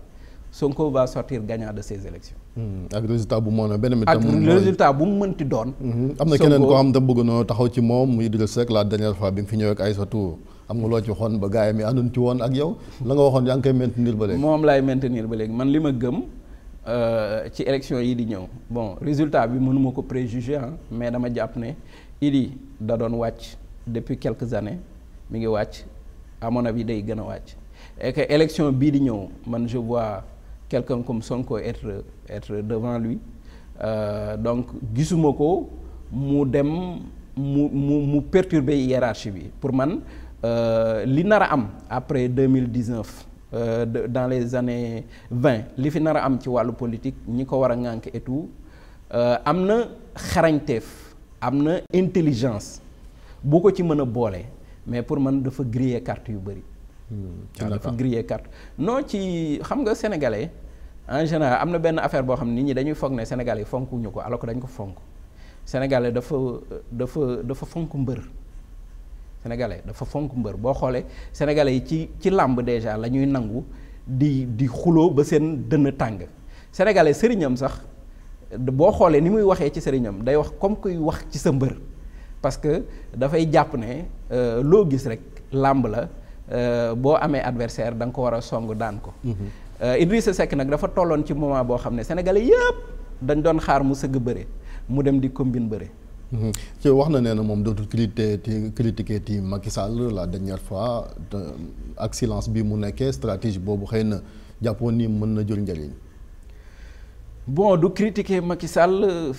Sonko va sortir gagnant de ces élections. Hmm. ak résultat bu mu mën a benn ak résultat bu mu mënti doon. Hmm. am na keneen koo xam ne bëgg na taxaw ci moom muy Idrissa Seck la dernière fois bi mu fi ñëwee ak Aïssatou am nga loo ci waxoon ba gars yi mi àndoon ci woon ak yow la nga waxoon yaa ngi koy maintenir ba léegi. moom laay maintenir ba léegi man li ma gëm euh, ci élection yi di ñëw bon résultat bi mënuma ko préjugé ah mais dama jàpp ne Idi da doon wàcc depuis quelques années mi ngi wàcc à mon avis day gën a wàcc et que élection bii di ñëw man je vois. quelqu'un comme Sonko être être devant lui euh, donc gisuma ko mu dem mu mu mu perturber hiérarchie bi pour man euh, li nar a am après deux mille dix-neuf euh, dans les années vingt li fi nar a am ci wàllu politique ñi ko war a ŋànk et tout euh, am na xarañteef am na intelligence bu ko ci mën a boole mais pour man dafa griller carte yu bëri. Hmm, waaw dafa griller carte non ci xam nga sénégalais en général am na benn affaire boo xam ne nit ñi dañuy foog ne sénégalais ñu ko alors que dañ ko fonk sénégalais dafa dafa dafa fonk mbër sénégalais dafa fonk mbër boo xoolee sénégalais yi ci ci làmb déjà la ñuy nangu di di xuloo ba seen dënn tàng sénégalais sëriñam sax boo xoolee ni muy waxee ci sëriñam day wax comme kuy wax ci sa mbër parce que dafay jàpp ne euh, loo gis rek làmb la Euh, boo amee adversaire da nga ko war a song daan ko. Mhm. Euh, Idrissa Seck nag dafa tolloon ci moment boo xam ne sénégalais yëpp dañ doon xaar mu sëgg bëre mu dem di combine bëre. Mhm. ci wax na nee na moom dootul critiquer critiquer ti Macky Sall la dernière fois ak silence bi mu nekkee stratégie boobu xëy na jàppoon ni mën na jur njëriñ. bon du critiquer Macky euh,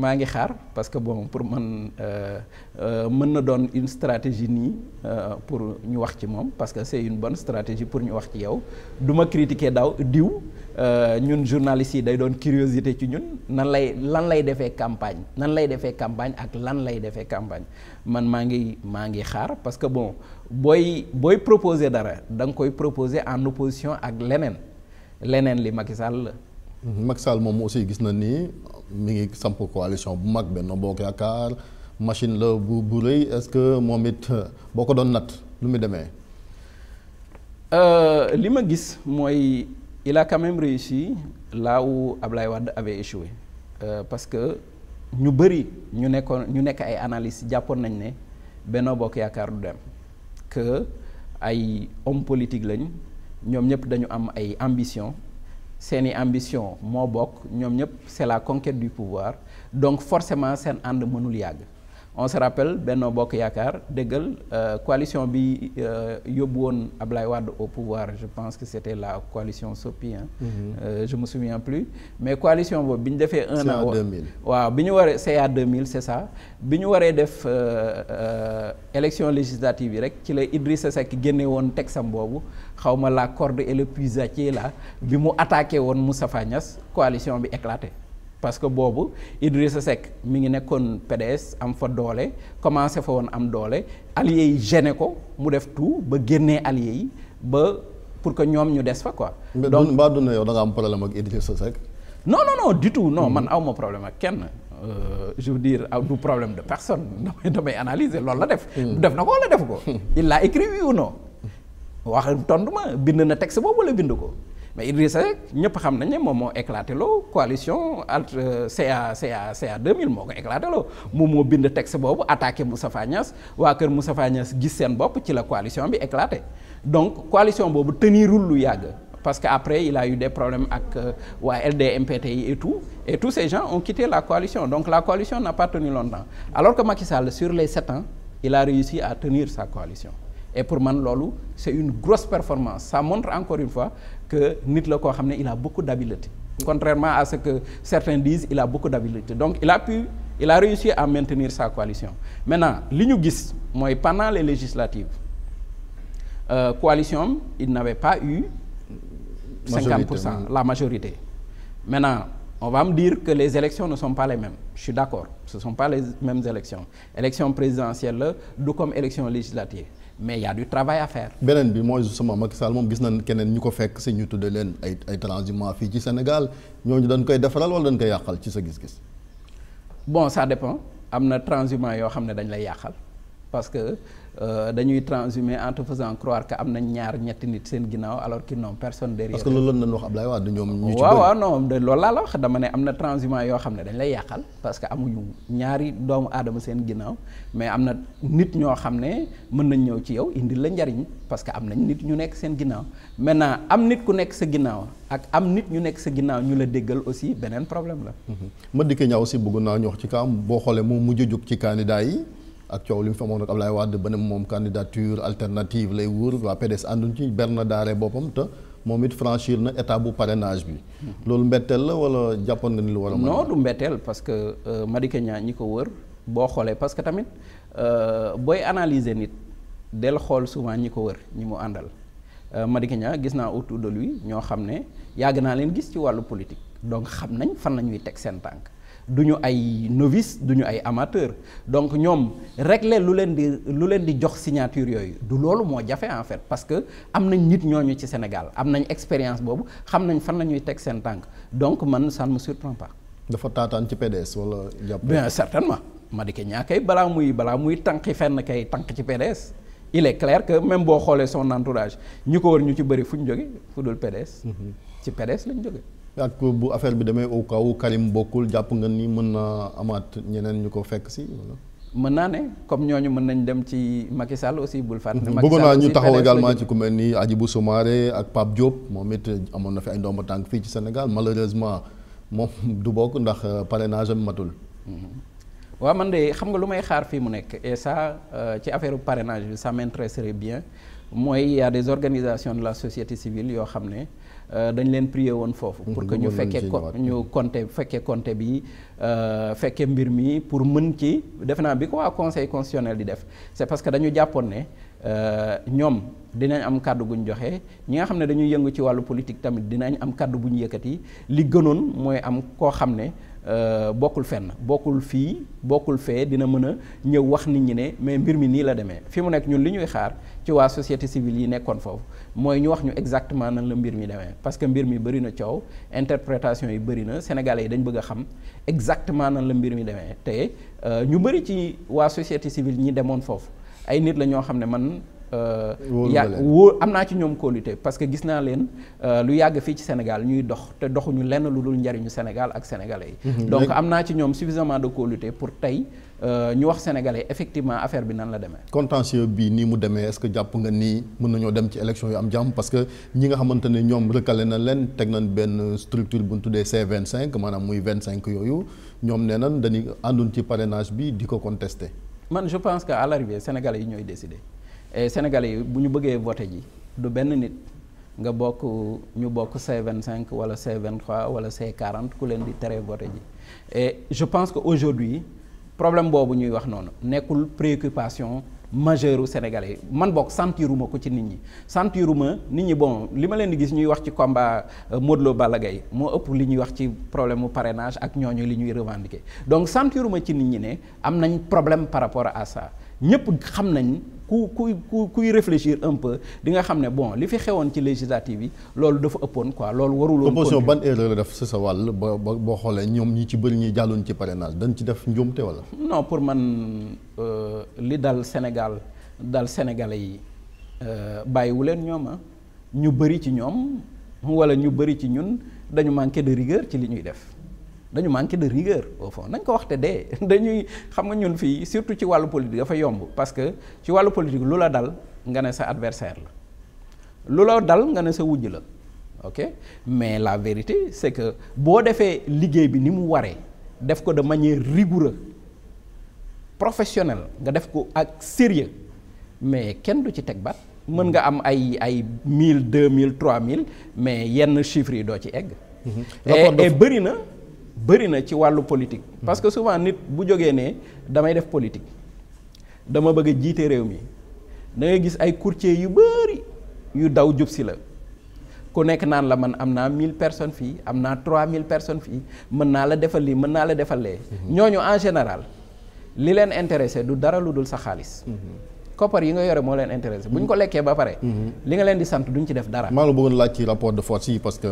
maa ngi xaar parce que bon pour man euh, euh, mën na doon une stratégie nii euh, pour ñu wax ci moom parce que c'est une bonne stratégie pour ñu wax ci yow du ma critiquer daaw diw ñun journalistes yi day doon curiosité ci ñun nan lay lan lay defee campagne nan lay defee campagne ak lan lay defee campagne man maa ngi maa ngi xaar parce que bon booy booy proposer dara da nga koy proposer en opposition ak leneen leneen li Macky Sall mag Sall moom aussi gis na ni mu ngi samp coalition bu mag Benno Bokk Yaakaar machine la bu bu rëy est-ce que moom it euh, boo ko doon nat lu muy demee. Euh, li ma gis mooy il a quand même réussi là où Ablaye Wade avait échoué euh, parce que ñu bëri ñu nekkoon ñu nekk ay analystes jàppoon nañ ne Benno Bokk Yaakaar du dem que ay hommes politiques lañ ñoom ñëpp dañu am ay ambition seeni ambition moo bokk ñoom ñëpp c'est la conquête du pouvoir donc forcément seen ànd mënul yàgg on se rappelle Benno Bokk Yaakaar dëggal euh, coalition bi euh, yóbbu woon Ablaye Wade au pouvoir je pense que c'était la coalition Sopi hein mm-hmm. euh, je me souviens plus mais coalition boobu bi ñu defee un an waaw bi ñu waree CA 2000 c'est ça bi ñu waree def élection législative yi rek ci la Idrissa Seck génne woon texam boobu xaw ma la corde et le puisatier la bi mu attaqué woon Moustapha Niass coalition bi éclaté parce que boobu Idrissa Seck mi ngi nekkoon PDS am fa doole commencé fa woon am doole alliés yi gêné ko mu def tout ba génnee alliés yi ba pour que ñoom ñu des fa quoi. donc mbaa dund yow da nga am problème ak Idrissa Seck. non non non du tout non mm-hmm. man aw ma problème ak kenn. Euh, je veux dire du problème de personne damay damay analyser loolu la def. Mm. def na ko wala def ko. il l'a écrit wax tontu bind na texte boobu la bind ko mais Idrissa Seck ñëpp xam nañ moom moo éclaté loo coalition entre CA CA CA moo ko éclaté loo moom moo bind texte boobu attaqué Moustapha Niass waa kër Moustapha Niass gis seen bopp ci la coalition bi éclaté donc coalition boobu tenirul lu yàgg. parce qu'après il a eu des problèmes ak euh, waa LD MPTI et tout et tous ces gens ont quitté la coalition donc la coalition n'a pas tenu longtemps alors que Macky sur les sept a coalition et pour man loolu c'est une grosse performance ça montre encore une fois que nit la koo xam ne il a beaucoup d'habileté contrairement à ce que certains disent il a beaucoup d'habileté donc il a pu il a réussi à maintenir sa coalition maintenant li ñu gis mooy pendant les législatives euh, coalition am il n'avait pas eu pour cent la majorité maintenant on va me dire que les élections ne sont pas les mêmes je suis d'accord ce ne sont pas les mêmes élections élection présidentielle mais y a du travail à beneen bi mooy justement Macky Sall moom gis nañ keneen ñu ko fekk si ñu tuddee leen ay ay fii ci Sénégal ñooñu dañ koy defaral wala dañ koy yàqal ci sa gis-gis. bon ça dépend am na transhumants yoo xam ne dañ lay yàqal parce que. Euh, dañuy transhumer en te faisant croire que am nañ ñaar ñetti nit seen ginnaaw alors qu'ils n'ont personne derrière. parce que loolu lañ doon wax waaw waaw de loolu laa la wax dama ne am na transhumant yoo xam ne dañ lay yàqal parce que amuñu ñaari doomu aadama seen ginnaaw mais am na nit ñoo xam ne mën nañ ñëw ci yow indi la njariñ parce que am nañ nit ñu nekk seen ginnaaw maintenant am nit ku nekk sa ginnaaw. ak am nit ñu nekk sa ginnaaw ñu la déggal aussi beneen problème la. Mhm. Madické Niang aussi bëgg naa ñu wax ci kaam boo xoolee moom mujj a jóg ci candidat yi. ak coow li mu fi amoon ak Ablaye Wade ba ne moom candidature alternative lay wóor waa PDS ànduñ ci berne daare boppam te moom it franchir na état bu parrainage bi. loolu mbetteel la wala jàppoon nga ni lu war a. non du mbetteel parce que euh, Madické ñi ko wër boo xoolee parce que tamit euh, booy analyser nit del xool souvent ñi ko wër ñi mu àndal euh, Madické gis naa autour de lui ñoo xam ne yàgg naa leen gis ci wàllu politique donc xam nañ fan la ñuy teg seen tànk. du ñu ay novice du ñu ay amateur donc ñoom régler lu leen di lu leen di jox signature yooyu du loolu moo jafe en fait parce que am nañ nit ñooñu ci Sénégal am nañ expérience boobu xam nañ fan la ñuy teg seen tànk donc man ça ne me surprend pas. dafa taataan ci PDS wala. jàpp bien certainement Madické Niang kay balaa muy balaa muy tànki fenn kay tànk ci PDS il est clair que même boo xoolee son entourage ñi ko wër ñu ci bëri fu ñu jóge fu dul PDS. Mhm. ci PDS lañ jóge ak bu affaire bi demee au cas où Karim bokkul jàpp nga ni mën na amaat ñeneen ñu ko fekk si. mën naa ne comme ñooñu mën nañ dem ci Macky Sall aussi bul fàtte. bëggoon naa ñu taxaw également ci ku mel ni Hadjibou Soumaré ak Pape Diop moom it amoon na fi ay ndomba tànk fii ci Sénégal malheureusement moom du bokk ndax euh, parrainage am matul. Mm-hmm. waaw man de xam nga lu may xaar fii mu nekk et ça euh, ci affaire parrainage bi ça m'intéresserait bien mooy y des organisations de la société civile yoo xam ne. Euh, dañ leen prier woon foofu pour ko ñu fekkee ñu compté euh, fekkee compté bi fekke mbir mi pour mën ci def naa bi ko waa conseil constitutionnel di def c'est parce que dañu jàppoon ne euh, ñoom dinañ am kàddu gu ñu joxe ñi nga xam ne dañuy yëngu ci wàllu politique tamit dinañ am kàddu bu ñu yëkkati li gënoon mooy am koo xam ne bokkul fenn bokkul fii bokkul fee dina mën a ñëw wax nit ñi ne mais mbir mi nii la demee fi mu nekk ñun li ñuy xaar ci waa société civile yi nekkoon foofu mooy ñu wax ñu exactement nan la mbir mi demee parce que mbir mi bëri coow interprétation yi bëri na sénégalais yi dañ bëgg a xam exactement nan la mbir mi demee te euh, ñu bëri ci waa société civile ñi demoon foofu ay nit la ñoo xam ne man. yaa euh, wóor am naa ci ñoom kóolute parce que gis naa leen euh, lu yàgg fii ci Sénégal ñuy dox te doxuñu lenn lu dul njariñu Sénégal ak sénégalais yi. Mhm. donc am naa ci ñoom suffisamment de kóolute pour tey. Euh, ñu wax sénégalais effectivement affaire bi nan la demee. contentieux bii ni mu demee est que jàpp nga ni mën nañoo dem ci élection yu am jàmm parce que ñi nga xamante ne ñoom recalé na leen teg nañ benn structure bu ñu tuddee C25 maanaam muy 25 yooyu ñoom nee nañ dañuy àndoon ci parrainage bi di ko contester. man je pense que à l'arrivée sénégalais yi ñooy décider et sénégalais yi bu ñu bëggee voter ji du benn nit nga bokk ñu bokk C25 wala C23 wala C40 ku leen di tere voter ji je pense que aujourd'hui problème boobu ñuy wax noonu nekkul préoccupation majeure u sénégalais man bokk sentiruma ko ci nit ñi sentiruma nit ñi bon li ma leen di gis ñuy wax ci combat euh, Modou Lo Balla moo ëpp li ñuy wax ci problème mu parrainage ak ñooñu li ñuy revendiquer donc sentiruma ci nit ñi ne am nañ problème par rapport à sa ñëpp xam nañ ku kuy ku kuy réfléchir un peu nga xam ne bon li fi xewoon ci législative yi loolu dafa ëppoon quoi loolu warul woon ban erreur la def si sa wàll ba ba boo xoolee ñoom ñi ci bëri ñuy jàlloon ci parrainage dañ ci def njuumte wala. non pour man euh, li dal Sénégal dal Sénégalais yi euh, bàyyiwu leen ñoom ah ñu bëri ci ñoom wala ñu bëri ci ñun dañu manqué de rigueur ci li ñuy def. dañu manqué de rigueur au fond nañ ko wax te dee dañuy xam nga ñun fii surtout ci wàllu politique dafa yomb parce que ci wàllu politique lu la dal nga ne sa adversaire la lu la dal nga ne sa wujj la ok mais la vérité c'est que boo defee liggéey bi ni mu waree def ko de manière rigoureuse professionnelle nga def ko ak sérieux mais kenn du ci teg baat mën nga am ay ay mille deux mille trois mille mais yenn chiffres yi doo ci egg. Mhm. et bëri bëri na ci wàllu politique. Mm-hmm. parce que souvent nit bu jógee nee damay def politique dama bëgg jiite réew mi da ngay gis ay courtiers yu bëri yu daw jub si la ku nekk naan la man am naa mille personne fii am naa mille personne fii mën naa la defal lii mën naa la defal lee. Mm-hmm. ñooñu en général li leen intéressé du dara lu dul sa xaalis. Mm-hmm. koppar yi nga yore moo leen intéressé bu ñu ko lekkee ba pare mhm. li nga leen di sant duñ ci def dara maa la bëggoon laaj ci rapport de force yi parce que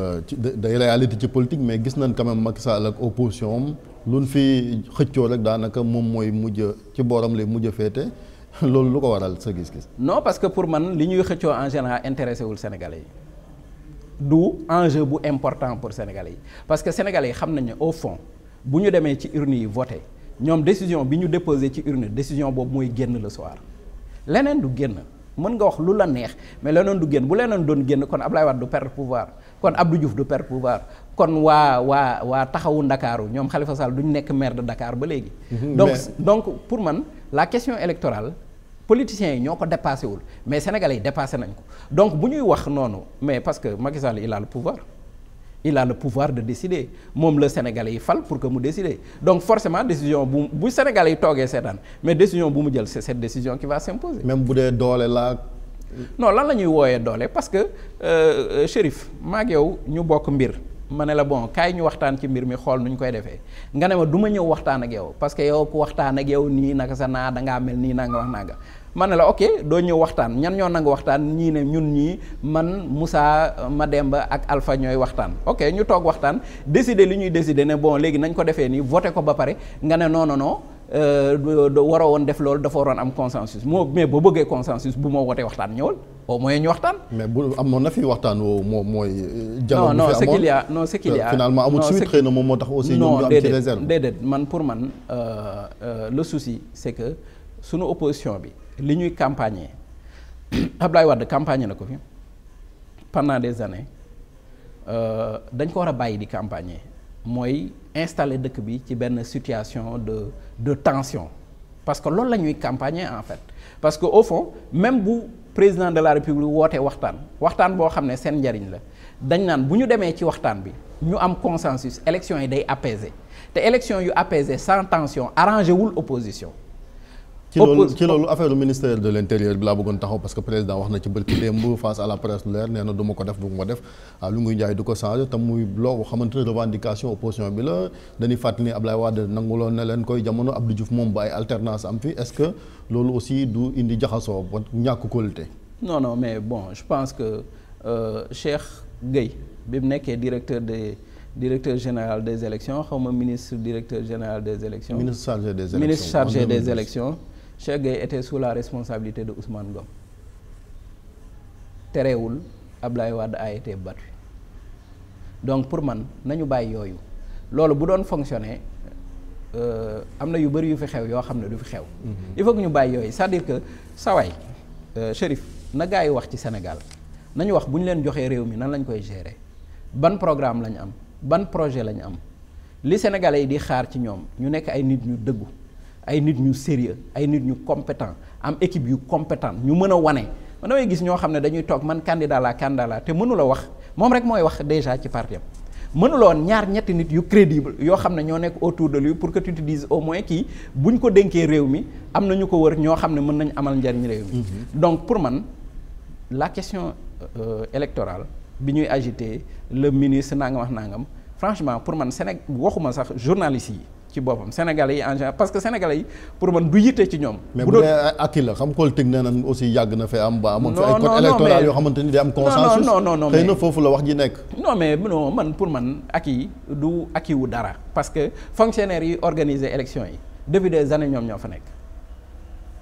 day réalité ci politique mais gis na quand même Macky Sall ak opposition am luñ fi xëccoo rek daanaka moom mooy mujj ci booram lay mujj féete loolu lu ko waral sa gis-gis non parce que pour man li ñuy xëccoo en général intéressé wul Sénégalais yi du enjeu bu important pour sénégalais yi parce que sénégalais yi xam nañ ne au fond bu ñu demee ci urne yi voté ñoom décision bi ñu déposé ci urne décision boobu génn le soir leneen du génn mën nga wax lu la neex mais leneen du génn bu leneen doon génn kon Ablaye Wade du perdre pouvoir kon ab du juf du perdre pouvoir kon waa waa waa taxawu ndakaaru ñoom Khalifa Sall duñ nekk maire de Dakar ba léegi. Mhm, donc donc pour man la question électorale politiciens yi ñoo ko dépassé wul mais sénégalais yi dépassé nañ ko donc bu ñuy wax noonu mais parce que Macky Sall il a le pouvoir. il a le pouvoir de décider moom la sénégalais yi fal pour que mu décider donc forcément décision bu bu sénégalais yi toogee seetaan mais décision bu mu jël c'est cette décision qui va s'imposer même bu dee doole la non lan la ñuy wooyee doole parce que euh, euh, Chérif maa ak yow ñu bokk mbir ma ne la bon kaay ñu waxtaan ci mbir mi xool nu ñu koy defee nga ne ma du ñëw waxtaan ak yow parce que yow ku waxtaan ak yow nii naka sa naa dangaa mel nii naa nga wax naa nga ma la ok doo ñëw waxtaan ñan ñoo nangu waxtaan ñii ne ñun ñii man ma Mademba ak Alpha ñooy waxtaan ok ñu toog waxtaan décider li ñuy décider ne bon léegi nañ ko defee nii voté ko ba pare nga ne non non non euh, waroo woon def loolu dafa waroon am consensus moo mais boo bëggee consensus bu moo wotee waxtaan ñëwal au moins ñu waxtaan. mais bu na fi waxtaan woowu moom mooy. Euh, jamono non non ce qu'il y a non ce qu'il y a euh, moom moo tax aussi. ñoom ñu am ci déedéet déedéet man pour man le souci c'est que sunu opposition bi. li ñuy campagner Abdoulaye Wade campagne na ko fi pendant des années euh, dañ ko war a bàyyi di campagner mooy installer dëkk bi ci benn situation de de tension parce que loolu la ñuy campagner en fait parce que au fond même bu président de la république woote waxtaan waxtaan boo xam ne seen njariñ la dañ naan bu ñu demee ci waxtaan bi ñu am consensus élection yi day apaiser te élection yu apaisé sans tension arrangé wul opposition ci loolu ci loolu affaire du ministère de l' intérieur bi laa bëggoon taxaw parce que président wax na ci bërki démb face à la presse lu leer nee na du ma ko def du ma ko def ah lu nguy njaay du ko changé te muy loo xamante ne revendication opposition bi la dañuy fàttali ni Ablaye Wade nanguloon na leen koy jamono Abdou Diouf moom ba ay alternance am fi est ce que loolu aussi du indi jaxasoo ba ñàkk kóolute. non non mais bon je pense que euh, Cheikh Gueye bi mu nekkee directeur des. directeur général des élections xaw ma ministre directeur général des élections. ministre chargé des élections ministre chargé des élections. Cheikh Gueye était sous la responsabilité de Ousmane Ngom terewul Ablaye Wade a été battu donc pour man nañu bàyyi yooyu loolu bu doon fonctionner euh, am na yu bëri yu fi xew yoo xam ne du fi xew. Mhm. il faut ñu bàyyi yooyu cest à que sawaay euh, Chérif na gaa yi wax ci Sénégal nañu wax bu ñu leen joxee réew mi nan lañu koy gérer ban programme lañu am ban projet lañu am li Sénégalais yi di xaar ci ñoom ñu nekk ay nit ñu dëggu. ay nit ñu sérieux ay nit ñu compétent am équipe yu compétent ñu mën a wane man damay gis ñoo xam ne dañuy toog man candidat la candidat te mënula wax moom rek mooy wax déjà ci parti am mënuloon ñaar ñetti nit yu crédible yoo xam ne ñoo nekk autour de lui pour que tu te au moins kii bu ñu ko dénkee réew mi am na ñu ko wër ñoo xam ne mën nañu amal njariñ réew mi. Mm-hmm. donc pour man la question euh, électorale bi ñuy agité le ministre nangam wax nangam franchement pour man Sénégal waxuma sax journaliste yi. ci boppam sénégalais yi en général parce que sénégalais yi pour man du yitte ci ñoom. bu doon mais akki la xam politique nee nañ aussi yàgg na fee am. ba amoon fi ay code électoral yoo xamante ni day am consensus non non non xëy na foofu la wax ji nekk. non mais non man pour man ak yi du ak wu dara parce que fonctionnaires yi organiser élection yi depuis des années ñoom ñoo fa nekk.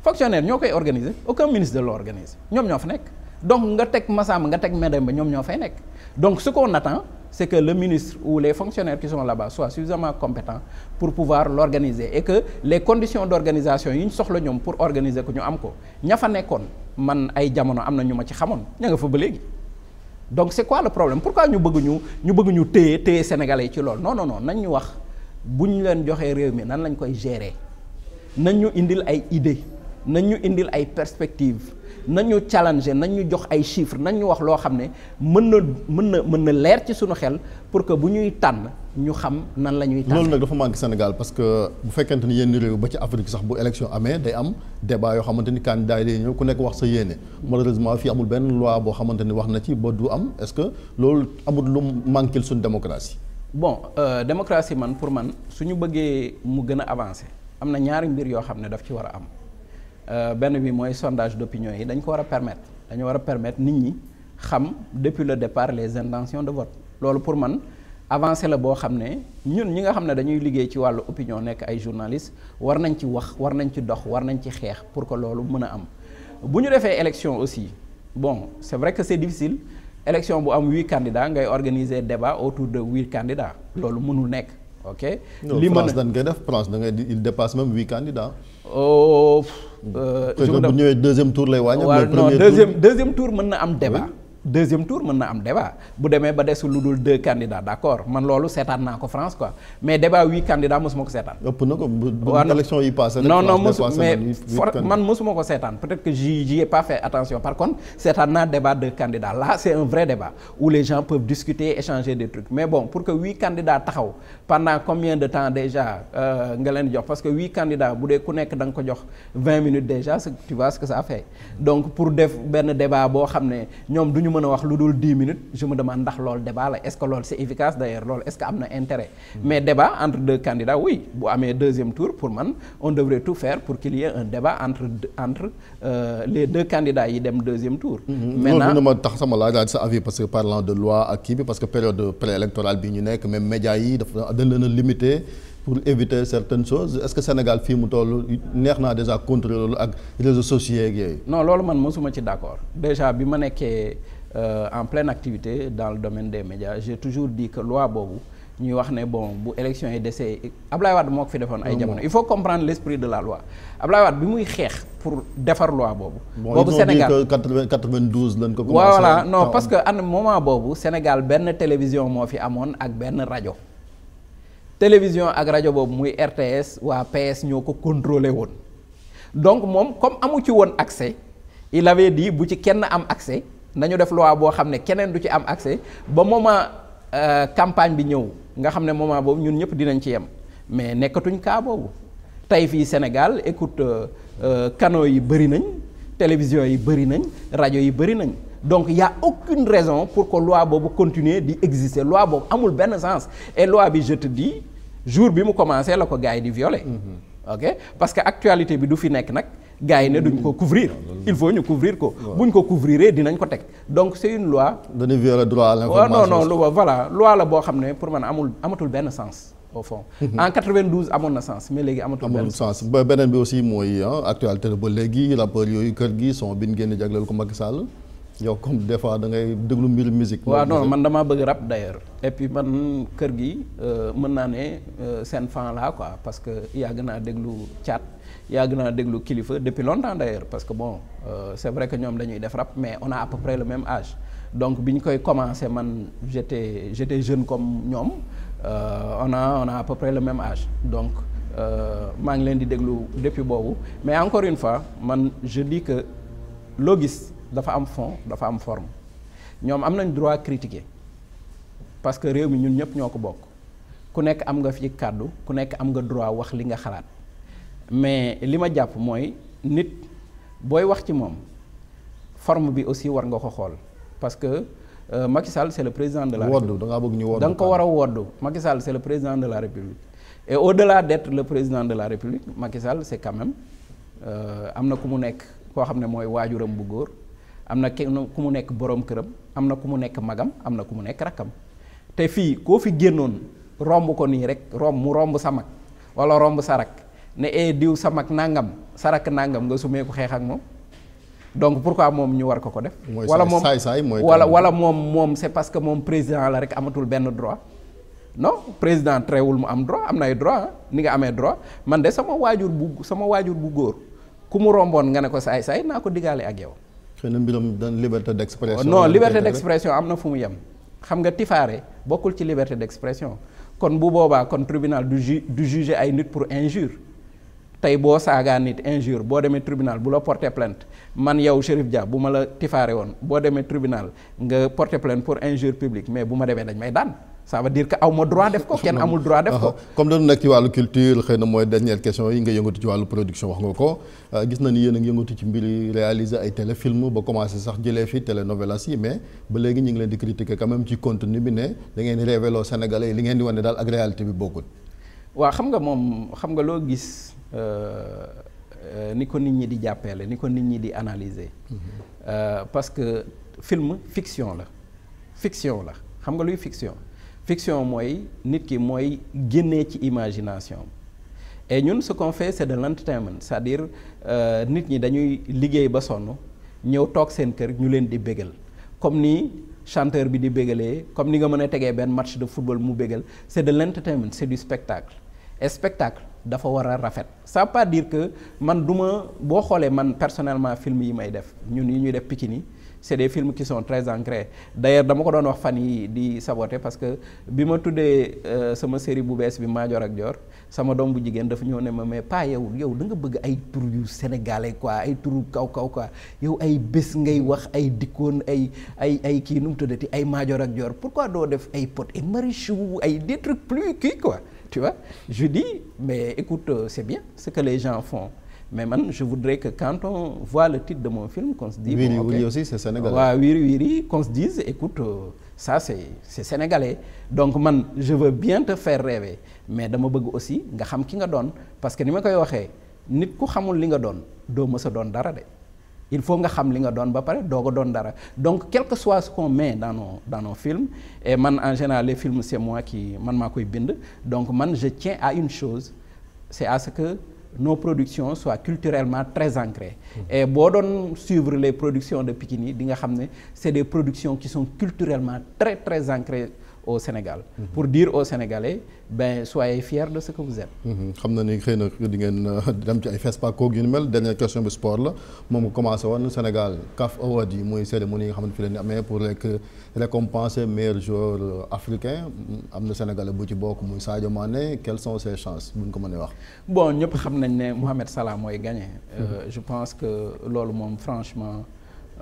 fonctionnaire ñoo koy organiser aucun ministre de l'organise ñoom ñoo fa nekk donc nga teg Massamba nga teg Mademba ñoom ñoo fay nekk donc ce qu'on attend c'est que le ministre ou les fonctionnaires qui sont là-bas soient suffisamment pour pouvoir l'organiser et que les conditions d'organisation yi ñu soxla ñoom pour organiser ko ñu am ko ña fa nekkoon man ay jamono am na ñu ma ci xamoon ña nga fa ba léegi donc c'est quoi le problème pourquoi ñu bëgguñu ñu bëgguñu bëgg ñu téye téye sénégalais yi ci loolu non non non nañ ñu wax bu ñu leen joxee réew mi nan lañ koy gérer nañ ñu indil ay idées nañ ñu indil ay perspectives nañu challenger nañu jox ay chiffres nañu wax loo xam ne mën na mën na mën na leer ci suñu xel pour que bu ñuy tànn ñu xam nan la ñuy tànn. loolu nag dafa manqué Sénégal parce que bu fekkente ni yenn réew ba ci Afrique sax bu élection amee day am débat yoo xamante ni candidat yi day ñëw ku nekk wax sa yéene. malheureusement fii amul benn loi boo xamante ni wax na ci ba du am ce que loolu amul lu manqué suñu démocratie. bon euh, démocratie man pour man suñu bëggee mu gën a avancer am na ñaari mbir yoo xam ne daf ci war a am. Euh, benn bi mooy sondage d'opinion yi dañ ko war a permettre dañu war a permettre nit ñi xam depuis le départ les intentions de vote loolu pour man avancé la boo xam ne ñun ñi nga xam ne dañuy liggéey ci wàllu opinion nekk ay journalistes war nañ ci wax war nañ ci dox war nañ ci xeex pour que loolu mën a am bu ñu defee élection aussi bon c'est vrai que c'est difficile élection bu am huit candidats ngay organiser débat autour de huit candidats loolu mënul nekk ok. li mën a France dañ def France da ngay il dépasse même Euh, je bu ñëwee deuxième tour lay wàññi. mais premier tour waaw non tour mën na am débat. deuxième tour mën na am débat bu demee ba desul lu dul deux candidats d'accord man loolu seetaan naa ko France quoi mais débat huit candidats mosuma ko seetaan. ëpp mosu mais man mosuma ko seetaan peut-être que j'y j'y ai pas fait attention par contre seetaan naa débat deux candidats là c'est un vrai débat où les gens peuvent discuter échanger des trucs mais bon pour que huit candidats taxaw pendant combien de temps déjà euh, nga leen jox parce que huit candidats da nga ko mën a wax lu dul dix minutes je me ndax loolu débat la est-ce que loolu c'est efficace d'ailleurs loolu est-ce que am na intérêt hmm. mais débat entre deux candidats oui bu amee deuxième tour pour man on devrait tout faire pour qu'il y ait un débat entre entre euh, les yi dem deuxième tour hmm, hmm. maintenant ma tax sama laaj sa avis parce que parlant de loi ak kii bi parce que période préélectorale bi ñu nekk même médias yi dafa dañ leen a limité pour éviter certaines choses est-ce fii mu toll neex naa déjà contrôler loolu ak réseaux sociaux yeeg yooyu non man mosuma ci d'accord déjà bi ma Euh, en pleine activité dans le domaine des médias j'ai toujours di que loi boobu ñuy wax ne bon bu élection yi desee Ablaye Wade moo ko fi defoon ay jamono il faut comprendre l'esprit de la loi Ablaye Wade bi muy xeex pour defar loi boobu. boobu Sénégal bon ils ont dit que lañ ko. commencé voilà parce que an moment boobu Sénégal benn télévision moo fi amoon ak benn rajo télévision ak rajo boobu muy RTS waa PS ñoo ko contrôlé woon donc moom comme amu ci woon accès il avait dit bu ci kenn am accès. nañu def loi boo xam ne keneen du ci am accès ba moment euh, campagne bi ñëw nga xam ne moment boobu ñun ñëpp dinañ ci yem mais nekkatuñ cas boobu tey fii Sénégal écoute euh, euh, canaux yi bëri nañ télévision yi bëri nañ rajo yi bëri nañ donc y a aucune raison pour que loi boobu continuer di exister loi boobu amul benn sens et loi bi je di jour bi mu commencé la ko gars yi di violer mm-hmm. ok parce que actualité bi du fi nekk nag gars yi ne duñ ko couvrir il faut ñu couvrir ko buñ ko couvriree dinañ ko teg donc c'est une loi dañuy violer droit à l'information non non voilà loi la boo xam ne pour man amul amatul benn sens au fond mhm. en 92 amoon na sens mais léegi amatul benn sens beneen bi aussi mooy ah, actualité la ba léegi rappeurs yooyu kër gi son bi ñu génn jagleel ko Macky Sall yow comme des fois da ngay déglu mbir musique waaw non man damaa bëgg rap d'ailleurs et puis man kër gi euh, mën naa ne euh, seen fan laa quoi parce que yàgg naa déglu caat yàgg naa déglu kilifa depuis longtemps d'ailleurs parce que bon euh, c'est vrai que ñoom dañuy def rap mais on a à peu près le même âge donc bi ñu koy commencé man j'étais j'étais jeune comme ñoom euh, on a on a à peu le même age donc euh, maa ngi leen di déglu depuis boobu mais encore une fois man jeu di que loo gis dafa am fond dafa am forme ñoom am nañ droit critiquer parce que réew mi ñun ñëpp ñoo ko bokk ku nekk am nga fi kàddu ku nekk am nga droit wax li nga xalaat mais li ma jàpp mooy nit booy wax ci moom forme bi aussi war nga ko xool parce que euh, Macky Sall le président de la. woddu da bëgg ñu woddu da ko war a woddu Macky Sall c' est le président de la République et au delà d' être le président de la République Macky Sall c' est euh, am na ku mu nekk koo xam ne mooy waajuram bu góor am na kenn ku mu nekk boroom këram am na ku mu nekk magam am na ku mu nekk rakkam te fii koo fi génnoon romb ko nii rek romb mu romb sa mag wala romb sa rak ne ee eh, diw sa mag nangam sa rakk nangam nga sumee ko xeex ak moom donc pour pourquoi moom ñu war ko ko def. wala moom wala wala moom moom c'est parce que moom président la rek amatul benn droit. non président wul mu am droit am na ay droit ni nga amee droit man de sama waajur bu sama waajur bu góor ku mu romboon nga ne ko saay saay naa ko digaale ak yow. xëy na mbiram dañ liberté d'expression. Oh, non liberté d'expression am na fu mu yem. xam nga tifaare bokkul ci liberté d'expression kon bu boobaa kon tribunal du du juger ay nit pour injure. tey boo saagaa nit injure boo demee tribunal bu la porté plainte man yow Chérif Dia bu ma la tifaare woon boo demee tribunal nga porté plainte pour injure publique mais bu ma demee dañ may daan ça veut dire que aw ma droit def ko kenn amul droit def ko. comme xëy na mooy dernière question yi nga yëngatu ci wàllu production wax nga euh, na yéen a ngi ci mbiri réaliser ay téléfilm ba sax jëlee fi télénovelas yi mais ba léegi ñu ngi leen di critiquer quand même ci contenu bi ne da ngeen di révéler Sénégalais yi li ngeen di wane daal ak réalité bi bokkul. waa xam nga moom xam nga loo gis euh, euh, ni ko nit ñi di jàppeele ni ko nit ñi di analyser mm-hmm. euh, parce que film fiction la fiction la xam nga luy fiction fiction mooy nit ki mooy génnee ci imagination et ñun ce qu'on fait c'est de l'entertainment c'est-à-dire nit ñi dañuy liggéey ba sonn ñëw toog seen kër ñu leen di bégal comme ni chanteur bi di bégalee comme ni nga mën tegee benn match de football mu bégal c'est de l'entertainment c'est du spectacle spectacle dafa war a rafet ça pas dire que man du ma boo xoolee man personnellement film yi may def ñun yi ñuy def Pikini yi c'est des films qui sont très ancrés d'ailleurs dama ko doon wax fan yi di saboter parce que bi ma tuddee euh, sama série bu bees bi Madior ak Dior sama doom bu jigéen dafa ñëw ne ma mais pas yow yow da nga bëgg ay tur yu sénégalais quoi ay turu kaw kaw quoi yow ay bés ngay wax ay dikkoon ay ay ay kii nu mu tuddati ay Madior ak joor pourquoi doo def ay Pod et Marichou ay des trucs kii quoi tu vois je dis écoute euh, c'est bien ce les gens font mais man je voudrais que quand on voit le de mon film qu'on se dise Wiri Wiri waaw Wiri Wiri qu'on se dise écoute euh, ça c'est c'est donc man je veux bien te faire rêver mais dama bëgg aussi nga xam ki nga doon parce que ni ma koy waxee nit ku xamul li nga doon doo mës a doon dara de il faut nga xam li nga doon ba pare doo ko doon dara donc quel que soit ce qu'on met dans nos dans et man en général les films c'est moi qui man maa koy bind donc man je tiens à une chose c'est à ce que nos production soient culturellement très ancrées mm-hmm. et boo doon suivre les productions de Pikini di nga xam ne c'est des productions qui sont culturellement très très ancrées au Sénégal. pour dire aux Sénégalais ben soyez fiers de ce que vous êtes. Mhm. xam na ni xëy na di ngeen euh, dem ci ay FESPACO yu ni mel dernière question bi sport la moom commencé woon Sénégal CAF Award yi mooy cérémonie yi nga xam ne fi la ñu amee pour rek euh, récompenser euh, africain am na Sénégalais bu ci bokk muy Sadio Mané quelles sont ses chances bu ñu ko mënee wax. bon ñëpp xam nañ ne Mohamed Salah mooy gagné. je pense que loolu moom franchement.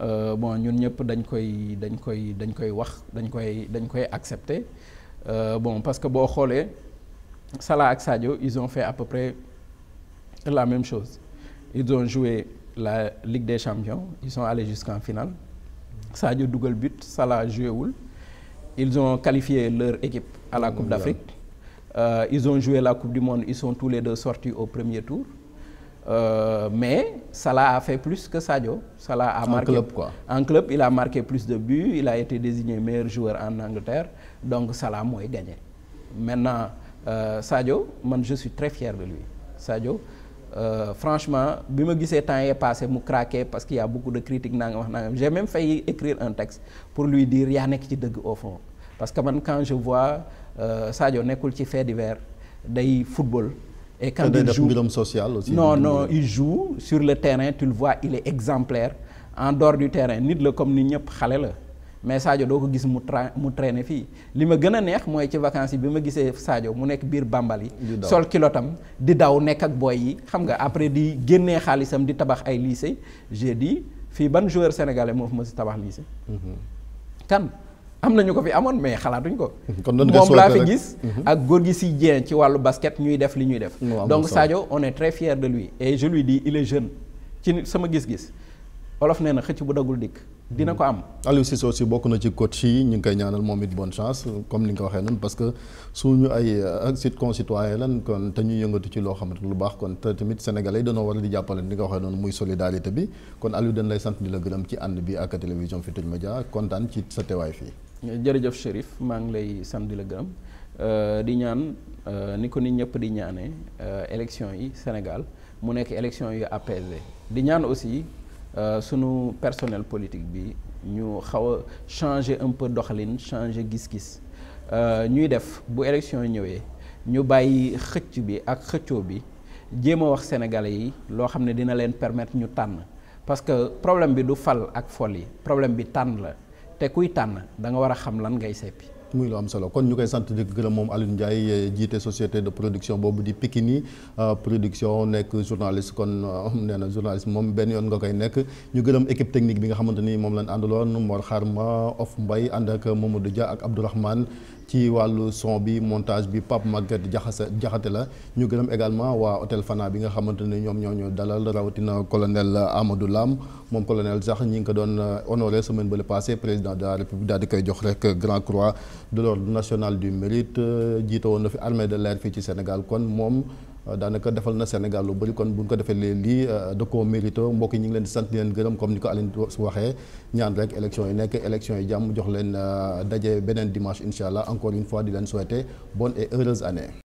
Euh, bon ñun ñëpp dañ koy dañ koy dañ koy wax dañ koy dañ koy accepter euh, bon parce que boo xoolee Salah ak Sadio ils ont fait à peu près la même chose ils ont joué la Ligue des Champions ils sont allés jusqu'en finale Sadio dugal but Salah joué wul ils on qualifié leur équipe à la Coupe d'Afrique euh, ils ont joué la Coupe du Monde ils sont tous les deux sortis au premier tour Euh, mais Salah a fait plus que Sadio. Salah a en marqué club, quoi. en club il a marqué plus de buts il a été désigné meilleur joueur en Angleterre donc salaa mooy gagné. maintenant euh, Sadio man je suis très fier de lui Sadio euh, franchement bi ma gisee temps yee passé mu craqué parce que y a beaucoup de critiques naa nga wax naa nga j'ai même failli écrire un texte pour luy dire yaa nekk ci dëgg au fond parce que man quand je vois euh, Sadio nekkul ci fait divers day football. et quand il joue social aussi non non sur le terrain tu le vois il exemplaire en dehors terrain nit la comme nit ñëpp xale la mais Sadio doo ko gis mu tra mu traîner fii li ma gën a neex mooy ci vacances yi bi ma gisee Sadio mu nekk biir Bambali. sol kilotam di daw nekk ak boy yi xam nga après di génnee xaalisam di tabax ay lycée j'ai dit fii ban joueur sénégalais moo fi ma si tabax lycée mhm. kan am nañu ko fi amoon mais xalaatuñ ko. kon moom laa fi gis. Mhm. ak góor gi si jeen ci wàllu basket ñuy def li ñuy def. donc Sadio on est très fier de lui et je lui dis il jeune ci sama gis-gis. Wolof nee na xëcc bu dagul dikk dina mhm. ko am. Aliou Cissé aussi bokk na ci coach yi ñu ngi koy ñaanal moom it bonne chance comme ni nga ko waxee noonu parce que suñu ay ak site concitoyen lan kon te ñu yëngatu ci loo xamante lu baax kon te tamit sénégalais yi dañoo war di jàppale ni nga muy solidarité bi kon Aliou dañ lay sant di la gërëm ci ànd bi ak télévision Futurs Médias kontaan ci sa teewaay fii. jërëjëf Chérif maa ngi lay sant di la euh, di ñaan euh, ni ko nit ñëpp di ñaanee euh, élection yi Sénégal mu nekk élection yu apaisé di ñaan aussi sunu personnel politique bi ñu xaw a changer un peu doxalin changer gis-gis ñuy def bu élection yi ñëwee ñu bàyyi xëcc bi ak xëcco bi jéem a wax sénégalais yi loo xam ne dina leen permettre ñu tànn parce que problème bi du fal ak fol yi problème bi tànn la. te kuy tànn da nga war a xam lan ngay seppi. muy lu am solo kon ñu koy sant di gërëm moom Alioune Ndiaye jiite société de production boobu di Pikini euh, production nekk journaliste kon euh, nee na moom benn yoon nga koy nekk ñu gërëm équipe technique bi nga xamante ni moom lañ àndaloon xaar ma of Mbay ànd ak Mamadou Dia ak Abdourahmane ci wàllu son bi montage bi Pape Maguette jaxase jaxate la ñu gërëm également waa hôtel Fana bi nga xamante ne ñoom ñoo ñu dalal rawatina colonel Amadou Lam moom colonel sax ñi ngi ko doon euh, honoré semaine bële passé président de la république daal di koy jox rek grand croix de l'ordre national du mérite euh, jiite woon na fi armée de l'air fii ci Sénégal kon moom. Euh, daanaka defal na Sénégal lu bari kon bu ñu ko defee lii euh, da koo mérito mbokk yi leen di sant leen gërëm comme ni ko Aline waxee ñaan rek élection yi nekk élection yi jàmm jox leen euh, daje beneen dimanche incha allah encore une fois di leen souhaiter bonne et heureuse année.